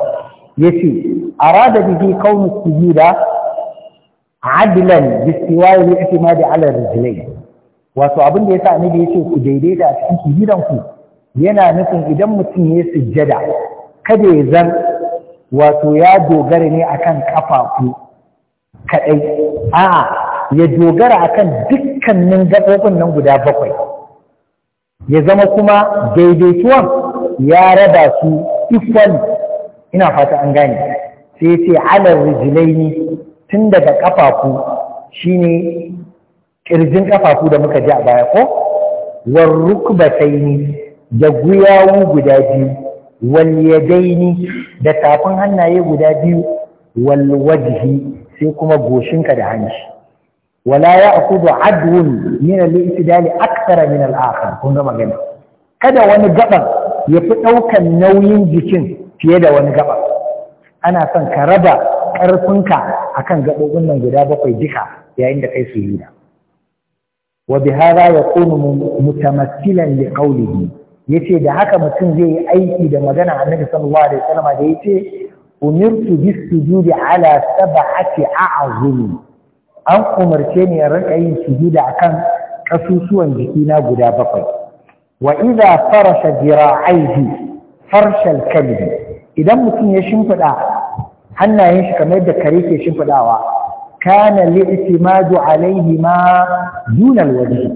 yace arada bihi kaunu sujuda adlan bi istiwa'i al-i'timadi ala rijlayn wato abin da yasa annabi yace ku daidaita a cikin sujudan ku yana nufin idan mutum ya sujjada kada ya zan wato ya dogara ne akan kafafu kadai a'a ya dogara akan dukkanin gabobin nan guda bakwai ya zama kuma daidaituwan ya raba su ikon. ina fata an gane sai ce alar rijilaini tun daga kafafu shine kirjin kafafu da muka ji a baya ko war rukbataini da guyawu guda biyu wal yadaini da tafin hannaye guda biyu wal wajhi sai kuma goshinka da hanci wala ya'khudhu adwun min al-i'tidal akthara min al-akhar kun ga magana kada wani gaban ya fi daukan nauyin jikin fiye da wani gaban ana son ka raba karfinka akan gabobin nan guda bakwai duka yayin da kai sujuda wa bihadha yakunu mutamassilan liqawlihi yace da haka mutum zai yi aiki da magana annabi sallallahu alaihi wasallam da yace umirtu bisujudi ala sab'ati a'zumi an umarce ni in rika yin da akan kasusuwan jikina guda bakwai wa idza farasha jira'aihi farshal kalbi idan mutum ya shimfida hannayen shi kamar da kare ke shimfidawa kana li'timadu alaihi ma dunal wajhi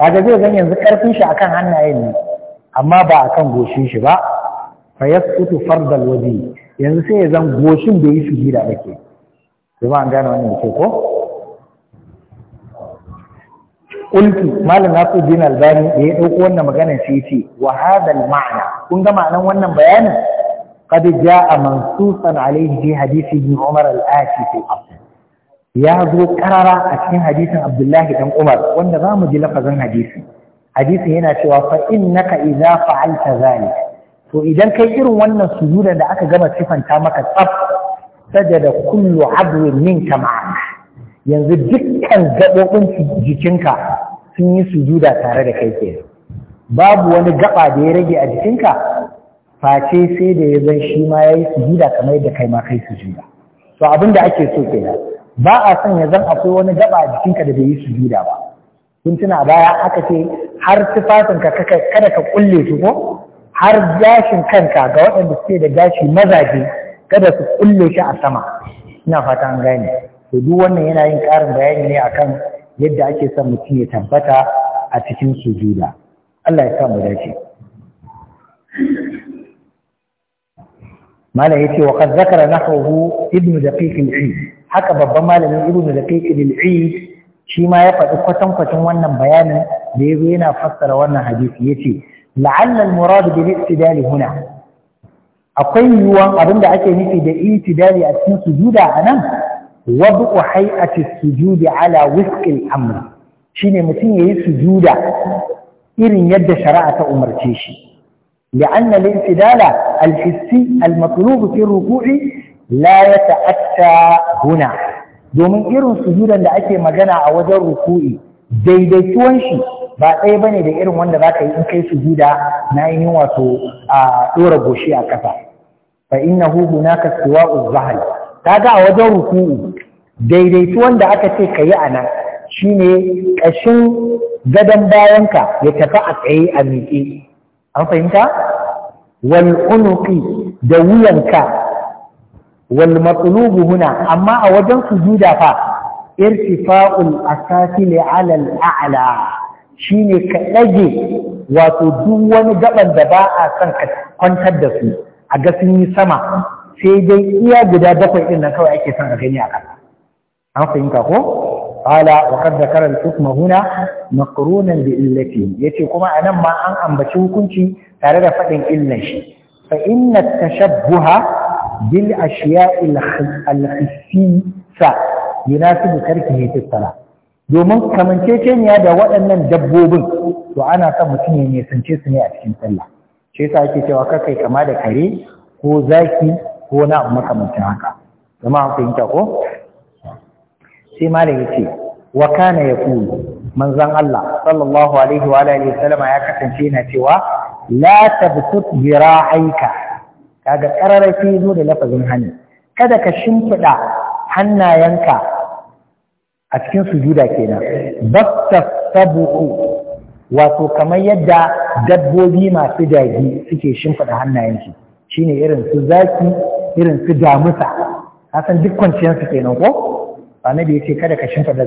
kaga zai zan yanzu karfin shi akan hannayen ne amma ba a kan goshin shi ba fa yasqutu fardal waji yanzu sai ya zan goshin bai yi sujuda ba ke kuma an gane wannan ke ko ulki malam Nasiruddin Albani da ya dauko wannan magana shi ce wa hadal ma'ana kun ga ma'anan wannan bayanin qad jaa mansusan alayhi fi hadisi ibn Umar al-Ati fi ya zo karara a cikin hadisin Abdullahi dan Umar wanda za mu ji lafazin hadisi hadisin yana cewa fa innaka idza fa'alta zalik to idan kai irin wannan sujuda da aka gama sifanta maka tsaf sajada kullu abwin minka ma'ak yanzu dukkan gabobin jikinka sun yi sujuda tare da kai ke babu wani gaba da ya rage a jikinka face sai da ya zan shi ma yayi sujuda kamar yadda kai ma kai sujuda to abinda ake so kenan ba a son ya zan akwai wani gaba a jikinka da bai yi sujuda ba kun tuna baya aka ce har tufafin ka kada ka kulle su ko har gashin kanka ga waɗanda suke da gashi mazaje kada su kulle shi a sama ina fata an gane to duk wannan yana yin ƙarin bayani ne akan yadda ake son mutum ya tabbata a cikin sujuda Allah ya sa mu dace malam yace wa qad zakara nahwu ibnu daqiq al-eid haka babban malamin ibnu daqiq al-eid shi ma ya faɗi kwatankwacin wannan bayanin da ya zo yana fassara wannan hadisi ya ce la'allal murad bil itidali huna akwai yiwuwan abin da ake nufi da itidali a cikin sujuda a nan wabu hay'ati sujudi ala wifqil amr shine mutum yayi sujuda irin yadda shari'a ta umarce shi لأن الانسدال الحسي المطلوب في الركوع لا يتأتى هنا domin irin sujudan da ake magana a wajen ruku'i daidaituwan shi ba ɗaya bane da irin wanda za ka yi in kai sujuda na ainihin wato a ɗora goshi a ƙasa fa innahu siwa siwa'u Ta ga a wajen ruku'u daidaituwan da aka ce ka yi a nan shine ƙashin gadon bayanka ya tafi a tsaye a miƙe an fahimta wal unuki da wuyanka wal matlubu huna amma a wajen sujuda fa irtifa'ul asafil ala al'a shine ka dage wato duk wani gaɓan da ba a san ka kwantar da su a ga sama sai dai iya guda bakwai din nan kawai ake son a gani a ƙasa an fahimta ko qala wa qad dhakara al-hukma huna maqrunan bi illati yace kuma anan ma an ambaci hukunci tare da faɗin illan shi fa inna tashabbuha bil ashiya'il al-khissisa yunasibu tarkihi fi salah domin kamanceceniya da waɗannan dabbobin to ana son mutum ya nisance su ne a cikin sallah shi yasa ake cewa ka kai kama da kare ko zaki ko na makamancin haka zama an fahimta ko sai malam yace wa kana yaqulu manzon Allah sallallahu alaihi wa alihi ya kasance yana cewa la gira aika. kaga ƙararar sai zo da lafazin hannu kada ka shimfiɗa hannayenka a cikin sujuda kenan basta sabu'u wato kamar yadda dabbobi masu dagi suke shimfiɗa hannayensu shine irin su zaki irin su damusa kasan duk kwanciyarsu kenan ko annabi ya ce kada ka shimfiɗa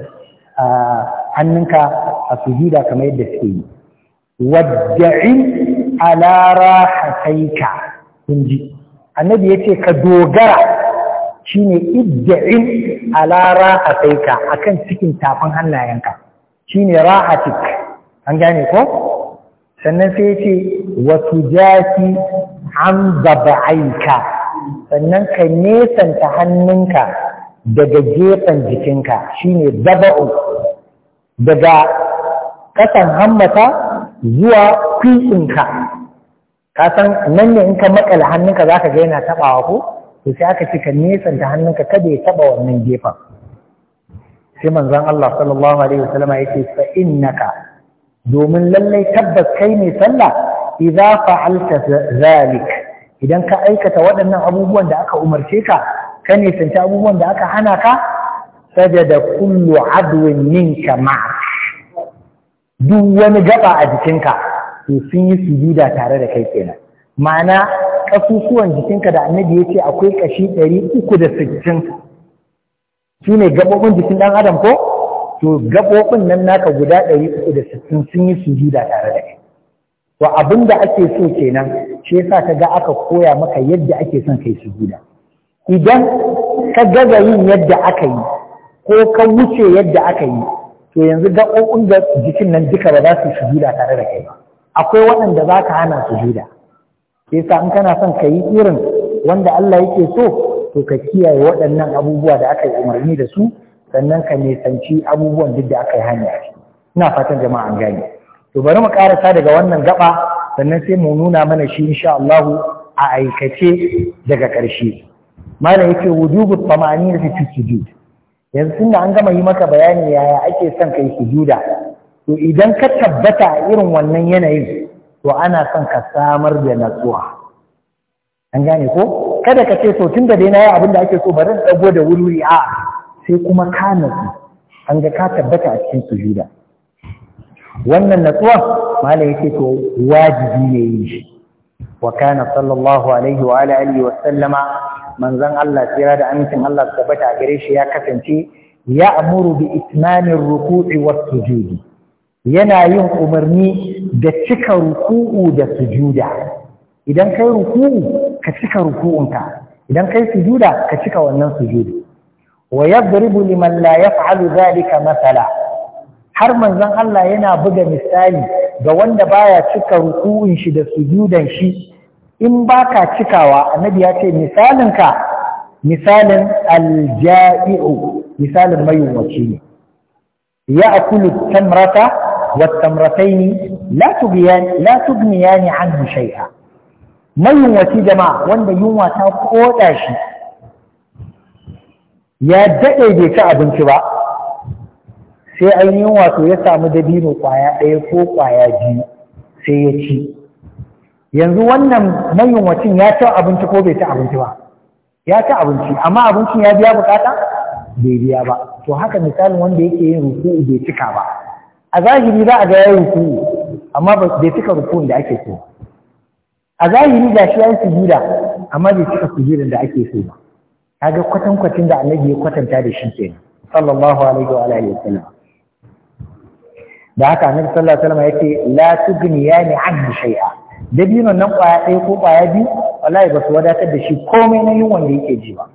hannunka a sujuda kamar yadda suke yi wadda'in ala rahataika Kunji, ji annabi ce ka dogara shi shine idda'in ala a kan cikin tafin hannayenka shi ne rahatik an gane ko sannan sai ya ce wasu tujati an aika, sannan ka nesanta hannunka daga gefen jikinka shi ne daba'u daga ƙasan hammata zuwa kwitsinka ka san nan ne in ka makale hannunka za ka ga yana taɓawa ko to sai aka ce ka nesanta hannunka kada ya taɓa wannan gefen sai manzon Allah sallallahu alaihi wasallam yake fa innaka domin lallai tabbas kai ne sallah idza fa'alta zalik idan ka aikata waɗannan abubuwan da aka umarce ka ka nisanci abubuwan da aka hana ka sajada kullu adwin minka ma duk wani gaba a jikinka to sun yi sujuda tare da kai kenan ma'ana ƙasusuwan jikinka da annabi ya ce akwai ƙashi ɗari uku da sittin su ne gaɓoɓin jikin ɗan adam ko to gaɓoɓin nan naka guda ɗari uku da sittin sun yi sujuda tare da kai to abin da ake so kenan shi yasa ka ga aka koya maka yadda ake son kai sujuda idan ka gaza yin yadda aka yi ko ka wuce yadda aka yi to yanzu gaɓoɓin da jikin nan duka ba za su sujuda tare da kai ba akwai waɗanda za ka hana su juda sai sa in kana son ka yi irin wanda Allah yake so to ka kiyaye waɗannan abubuwa da aka yi umarni da su sannan ka nisanci abubuwan duk da aka yi hanya ina fatan jama'a an gane to bari mu karasa daga wannan gaba sannan sai mu nuna mana shi insha Allah a aikace daga ƙarshe mana yake wujubu tsamani da fi sujud yanzu tun da an gama yi maka bayani yaya ake son kai sujuda to idan ka tabbata a irin wannan yanayin to ana son ka samar da natsuwa an gane ko kada ka ce to tun da dai na yi abin da ake so bari in dago da wuri a sai kuma ka natsu an ga ka tabbata a cikin sujuda wannan natsuwa mala ce to wajibi ne yi. shi wa kana sallallahu alaihi wa alihi wa sallama manzon Allah tsira da amincin Allah tabbata a gare shi ya kasance ya amuru bi itmamin ruku'i was sujudi yana yin umarni da cika ruku'u da sujuda idan kai ruku'u ka cika ruku'unka idan kai sujuda ka cika wannan sujudi wa yadribu liman la yaf'alu dhalika masala har manzon Allah yana buga misali ga wanda baya cika ruku'un shi da sujudan shi in baka cikawa annabi ya ce misalin ka misalin alja'i'u misalin mayuwaci ne ya akulu tamrata والتمرتين لا تبيان لا تغنيان عنه شيئا mayunwaci jama'a wanda yunwa ta koda shi ya daɗe bai ci abinci ba sai ainihin wato ya samu dabino kwaya ɗaya ko kwaya biyu sai ya ci yanzu wannan mayunwacin ya ci abinci ko bai ci abinci ba ya ci abinci amma abincin ya biya bukata bai biya ba to haka misalin wanda yake yin ruku'u bai cika ba a zahiri za a ga yayin ruku amma bai cika rukun da ake so a zahiri ga shi yayin sujuda amma bai cika sujudan da ake so ba kaga kwatan kwatin da annabi ya kwatanta da shi kenan sallallahu alaihi wa alihi wasallam da haka annabi sallallahu alaihi wasallam yace la ne, an shay'a biyu nan kwaya ɗaya ko kwaya biyu wallahi ba su wadatar da shi komai na yin wanda yake ji ba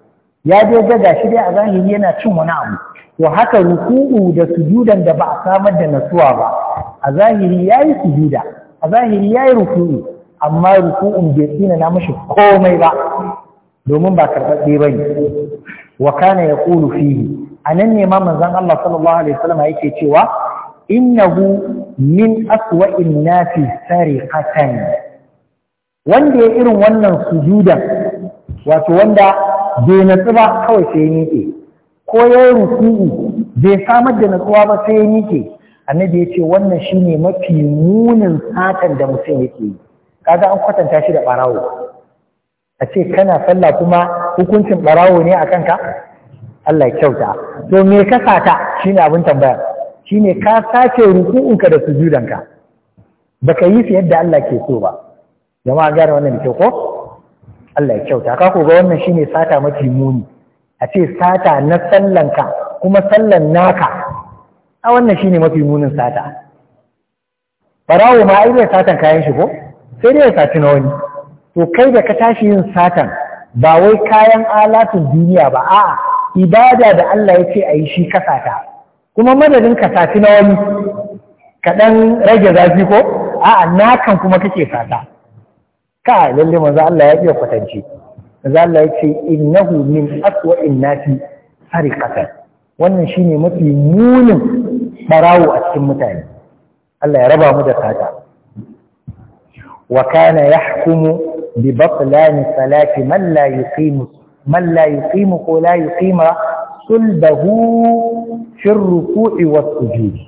ya dai ga gashi dai a zahiri yana cin wani abu to haka ruku'u da sujudan da ba a samar da natsuwa ba a zahiri yayi sujuda a zahiri yayi ruku'u amma ruku'un bai tsina na mashi komai ba domin ba karɓaɓɓe ba ne wa kana ya ƙulu fihi a nan ne ma manzon Allah sallallahu alaihi wasallam yake cewa innahu min aswa'in nasi sariqatan wanda ya irin wannan sujudan wato wanda bai natsu ba kawai sai ya miƙe ko ya yi ruku'u bai samar da natsuwa ba sai ya miƙe annabi ya ce wannan shine mafi munin satan da mutum yake yi kaga an kwatanta shi da ɓarawo a ce kana sallah kuma hukuncin ɓarawo ne a kanka Allah ya kyauta to me ka sata ne abin tambaya ne ka sace ruku'unka da sujudanka baka yi su yadda Allah ke so ba jama'a gane wannan da ko Allah ya kyauta ka ko ga wannan shine sata mafi muni a ce sata na sallan ka kuma sallan naka a wannan shine mafi munin sata barawo ma ai satan kayan shi ko sai dai ya na wani to kai da ka tashi yin satan ba wai kayan alatun duniya ba a'a ibada da Allah ya ce a yi shi kasata kuma madadin ka sati na wani kaɗan rage zafi ko a'a nakan kuma kake sata ka lalle manzo Allah ya iya kwatance zalla ya ce innahu min aswa innati sariqatan wannan shine mafi munin barawo a cikin mutane Allah ya raba mu da sata wa kana yahkumu bi batlan salati man la yuqimu man la yuqimu ko la yuqima sulbahu fi ruku'i wa sujud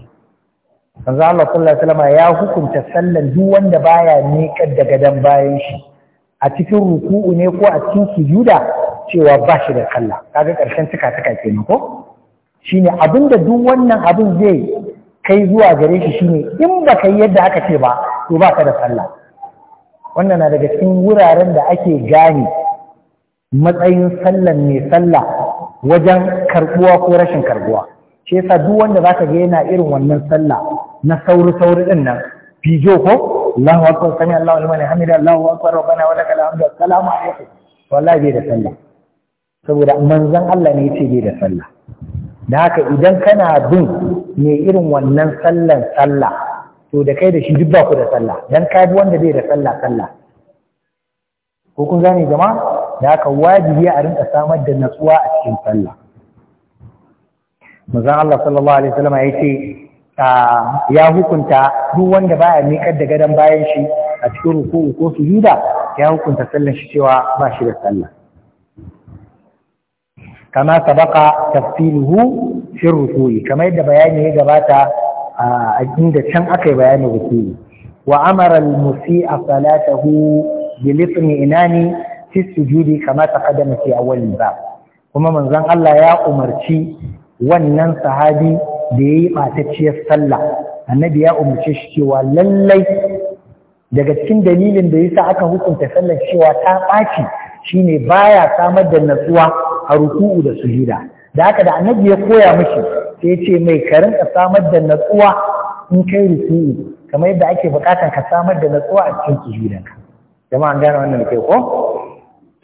manzo Allah sallallahu alaihi wasallam ya hukunta sallan duk wanda baya miƙar da gadan bayan shi a cikin ruku'u ne ko a cikin sujuda cewa ba shi da sallah kaga karshen tuka tuka kenan ko shine abinda duk wannan abin zai kai zuwa gare shi shine in baka yi yadda aka ce ba to ka da sallah wannan na daga cikin wuraren da ake gane matsayin sallan mai sallah wajen karbuwa ko rashin karbuwa shi yasa duk wanda zaka ga yana irin wannan sallah na sauri sauri din nan fijo ko Allahu akbar sami Allahu liman hamida Allahu akbar rabbana wa lakal hamdu assalamu alaikum wallahi bai da sallah saboda manzon Allah ne yace bai da sallah da haka idan kana bin me irin wannan sallan sallah to da kai da shi duk ba ku da sallah dan ka bi wanda bai da sallah sallah ko kun gane jama'a da haka wajibi a rinka samar da natsuwa a cikin sallah manzon Allah sallallahu alaihi wasallam yace ya hukunta duk wanda baya miƙar da gadon bayan shi a cikin ruku'u ko sujuda ya hukunta sallar shi cewa ba shi da sallah kama sabaka tafsiluhu fi ruku'i kamar yadda bayani ya gabata a inda can aka yi bayani ruku'i wa amara al-musi'a salatahu bi litni inani fi sujudi kama taqaddama fi awwal ba kuma manzon Allah ya umarci wannan sahabi da ya yi ɓatacciyar sallah annabi ya umarci shi cewa lallai daga cikin dalilin da yasa aka hukunta sallar cewa ta ɓaci shine baya samar da natsuwa a ruku'u da sujuda da haka da annabi ya koya mashi sai ya ce mai ka samar da natsuwa in kai ruku'u kamar yadda ake bukatar ka samar da natsuwa a cikin sujudanka jama'a an gane wannan kai ko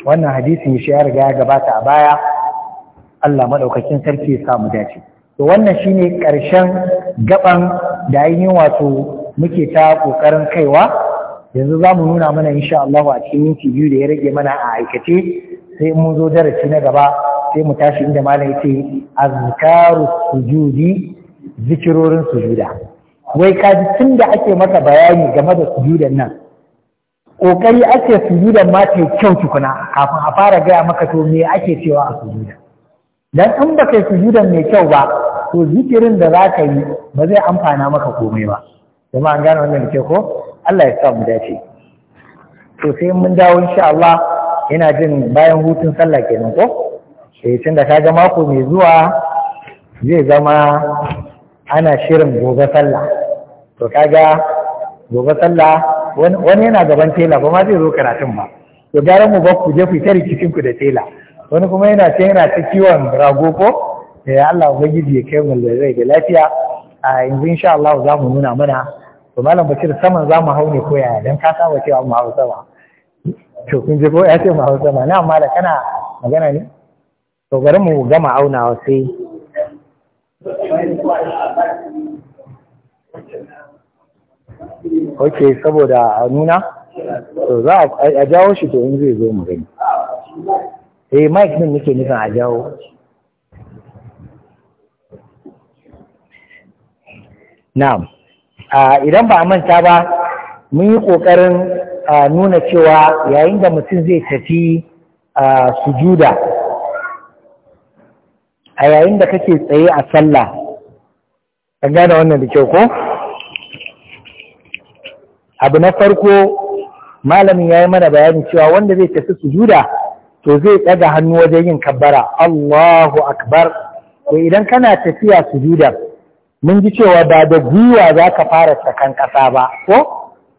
wannan hadisi ya riga ya gabata a baya Allah maɗaukakin sarki ya samu dace to wannan shine ƙarshen gaban da yi wato muke ta ƙoƙarin kaiwa yanzu za mu nuna mana insha Allah a cikin minti biyu da ya rage mana a aikace sai mun zo darasi na gaba sai mu tashi inda malam ce azkaru sujudi zikirorin sujuda wai kaji tun da ake maka bayani game da sujudan nan ƙoƙari ake sujudan ma ta kyau tukuna kafin a fara gaya maka to me ake cewa a sujuda dan in baka yi sujudan mai kyau ba to zikirin da za ka yi ba zai amfana maka komai ba jama'a an gane wannan ko Allah ya sa mu dace to sai mun dawo insha Allah ina jin bayan hutun sallah kenan ko eh, tun da ka ga mako mai zuwa zai zama ana shirin gobe sallah to kaga gobe sallah wani yana gaban tela ba ma zai zo karatun ba to gara mu ba ku je ku ta rikicin ku da tela wani kuma yana ta yana ta kiwon rago ko da eh, Allah ubangiji ya kai mu zai da lafiya a yanzu insha Allah za mu nuna mana to malam bashir saman za mu haune ko yaya dan ka saba cewa mu hau ba to kun je ko ya ce mu hau ba na amma da kana magana ne to bari mu gama aunawa sai ok saboda a nuna to za a jawo shi to in zai zo mu gani eh mic din nake nufin a jawo na'am ah, idan ba a manta ba mun yi ƙoƙarin ah, nuna cewa yayin da mutum zai tafi ah, sujuda a yayin da kake tsaye a sallah ka gane wannan da kyau ko abu na farko malamin ya yi mana bayani cewa wanda zai tafi sujuda to zai ɗaga hannu wajen yin kabbara Allahu akbar to idan kana tafiya sujudar mun ji cewa ba da gwiwa za ka fara sakan ƙasa ba ko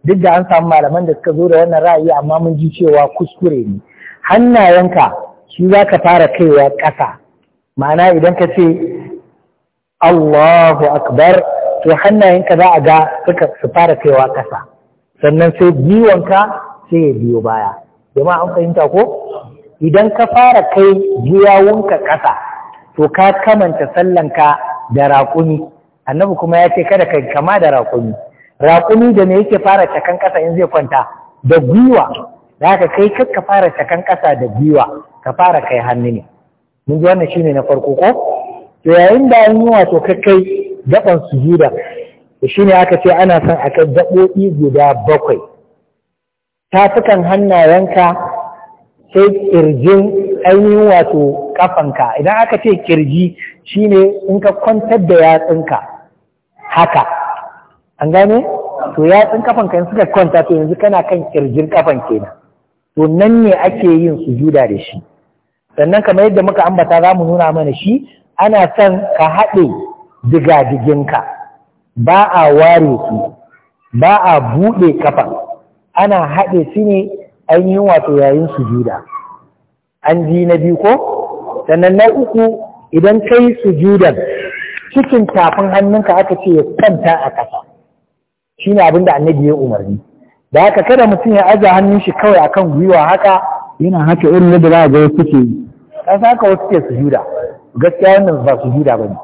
duk da an samu malaman da suka zo da wannan ra'ayi amma mun ji cewa kuskure ne hannayenka shi za ka fara kaiwa ƙasa ma'ana idan ka ce Allahu akbar to hannayenka za a ga suka su fara kaiwa ƙasa sannan sai gwiwanka sai ya biyo baya jama'a an fahimta ko idan ka fara kai juyawunka ƙasa to ka kamanta sallanka da raƙumi annabi kuma ya ce kada ka kama da raƙumi raƙumi da me yake fara cakan ƙasa in zai kwanta da gwiwa da haka kai kar ka fara cakan ƙasa da gwiwa ka fara kai hannu ne mun ji wannan shine na farko ko to yayin da an yi wato kai gaban sujuda to shine aka ce ana son a kai gaɓoɓi guda bakwai tafukan hannayenka sai kirjin ainihin wato kafanka idan aka ce kirji shine in ka kwantar da yatsunka haka an gane to yatsun kafanka in suka kwanta to yanzu kana kan kirjin kafan kenan to nan ne ake yin sujuda da shi sannan kamar yadda muka ambata za mu nuna mana shi ana son ka haɗe digadiginka ba a ware su ba a buɗe ƙafa ana haɗe su ne ainihin wato yayin sujuda an ji na biyu ko sannan na uku idan ka yi sujudan cikin tafin hannunka aka ce ya kanta a ƙasa shi ne abin da annabi ya umarni da haka kada mutum ya aza hannun shi kawai akan gwiwa haka yana haka irin yadda za a ga wasu ke yi sa haka wasu ke sujuda gaskiya wannan ba sujuda ba ne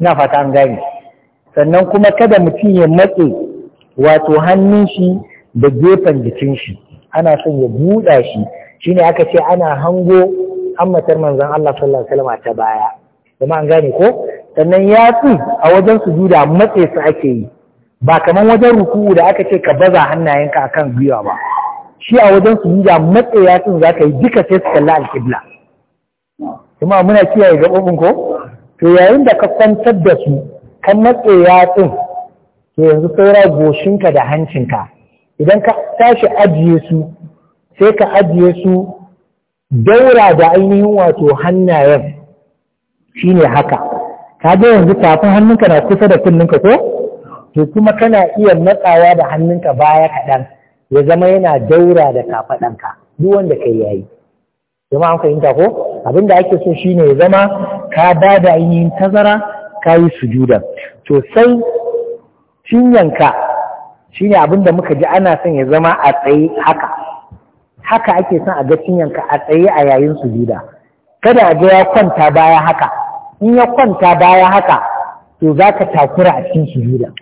ina fata an gane sannan kuma kada mutum ya matse wato hannun shi da gefen jikin shi ana son ya buɗa shi Shi ne aka ce ana hango ammatar manzon Allah sallallahu alaihi wasallam ta baya kuma an gane ko sannan yatsu a wajen sujuda matse su ake yi ba kamar wajen ruku'u da aka ce ka baza hannayenka akan gwiwa ba shi a wajen sujuda matse za ka yi duka sai su kalla alkibla kuma muna kiyaye gabobin ko to yayin da ka kwantar da su kan matse yatsun to yanzu saura goshinka da hancinka idan ka tashi ajiye su sai ka ajiye su daura da ainihin wato hannayen shine haka ka ga yanzu tafin hannunka na kusa da kunninka ko to kuma kana iya matsawa da hannunka baya kaɗan ya zama yana daura da kafaɗanka duk wanda ka kai yayi jama'a an fahimta ko abinda ake so shine ya zama ka ba da ainihin tazara ka yi sujuda to sai cinyanka ne abin da muka ji ana son ya zama a tsaye haka haka ake son a ga cinyanka a tsaye a yayin sujuda kada a ga ya kwanta baya haka in ya kwanta baya haka to za ka takura a cikin sujuda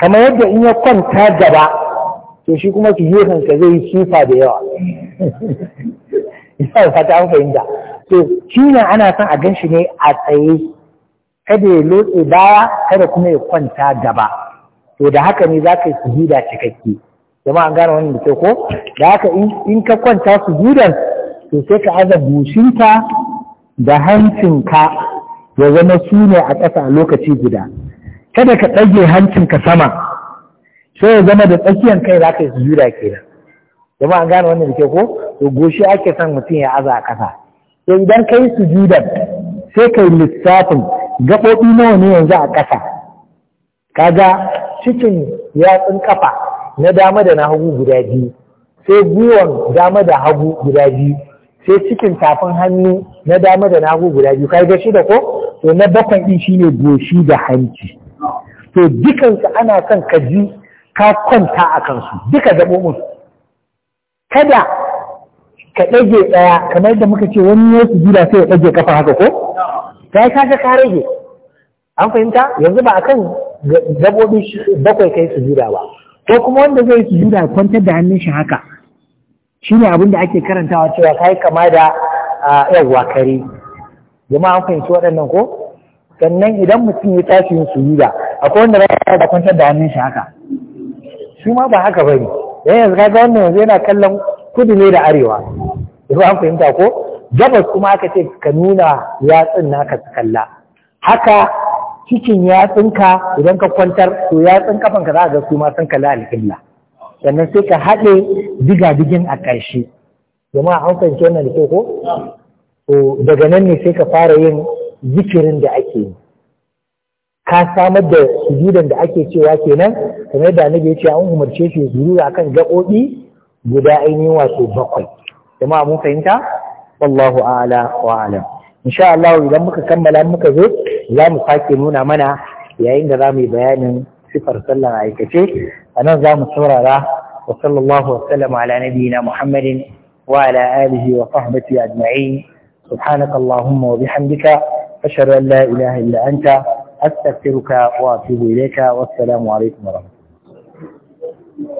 kamar yadda in ya kwanta gaba to shi kuma sujudan ka zai yi sufa da yawa ya fata an fahimta to shi ne ana son a gan shi ne a tsaye kada ya lotse baya kada kuma ya kwanta gaba to da haka ne za ka yi sujuda cikakke an gane wannan da kyau ko da haka in ka kwanta sujudan to sai ka aza bushinka da hancinka ya zama su ne a ƙasa a lokaci guda kada ka ɗage hancinka sama sai ya zama da tsakiyar kai za ka yi sujuda kenan an gane wannan da kyau ko to goshi ake son mutum ya aza a ƙasa sai idan ka yi sujudan sai ka yi lissafin gaɓoɓi nawa ne yanzu a ƙasa kaga cikin yatsun kafa na dama da na hagu guda biyu sai gwiwan dama da hagu guda biyu sai cikin tafin hannu na dama da na hagu guda biyu kai ga shida ko to na bakwai din shine goshi da hanci to dukansu ana son ka ji ka kwanta a kansu duka gaɓoɓin kada ka ɗage ɗaya kamar da muka ce wani ya su jira sai ya ɗage kafa haka ko ta yi ka rage an fahimta yanzu ba akan gabobi bakwai kai su juda ba ko kuma wanda zai su juda kwantar da hannun shi haka shi ne abin da ake karantawa cewa kai kama da yawwa kare jama'a an fahimci waɗannan ko sannan idan mutum ya tashi yin juda akwai wanda ba da kwantar da hannun shi haka shi ma ba haka bane dan yanzu kaga wannan yanzu yana kallon kudu ne da arewa idan an fahimta ko gabas kuma aka ce ka nuna yatsun naka su kalla haka cikin tsinka idan ka kwantar to yatsun kafanka za a ga su ma san kala alƙibla sannan sai ka haɗe digadigin a ƙarshe jama'a an fahimci wannan da ko to daga nan ne sai ka fara yin zikirin da ake yi ka samar da sujudan da ake cewa kenan kamar da annabi ya ce an umarce shi a akan gaɓoɓi guda ainihin wato bakwai jama'a mun fahimta wallahu a'ala wa insha Allah idan muka kammala muka zo za mu sake nuna mana yayin da za mu yi bayanin sifar sallar aikace a nan za mu saurara wa sallallahu wa sallama ala nabiyina muhammadin wa ala alihi wa sahbihi ajma'in subhanaka allahumma wa bihamdika ashhadu an la ilaha illa anta astaghfiruka wa atubu ilayka wassalamu alaikum wa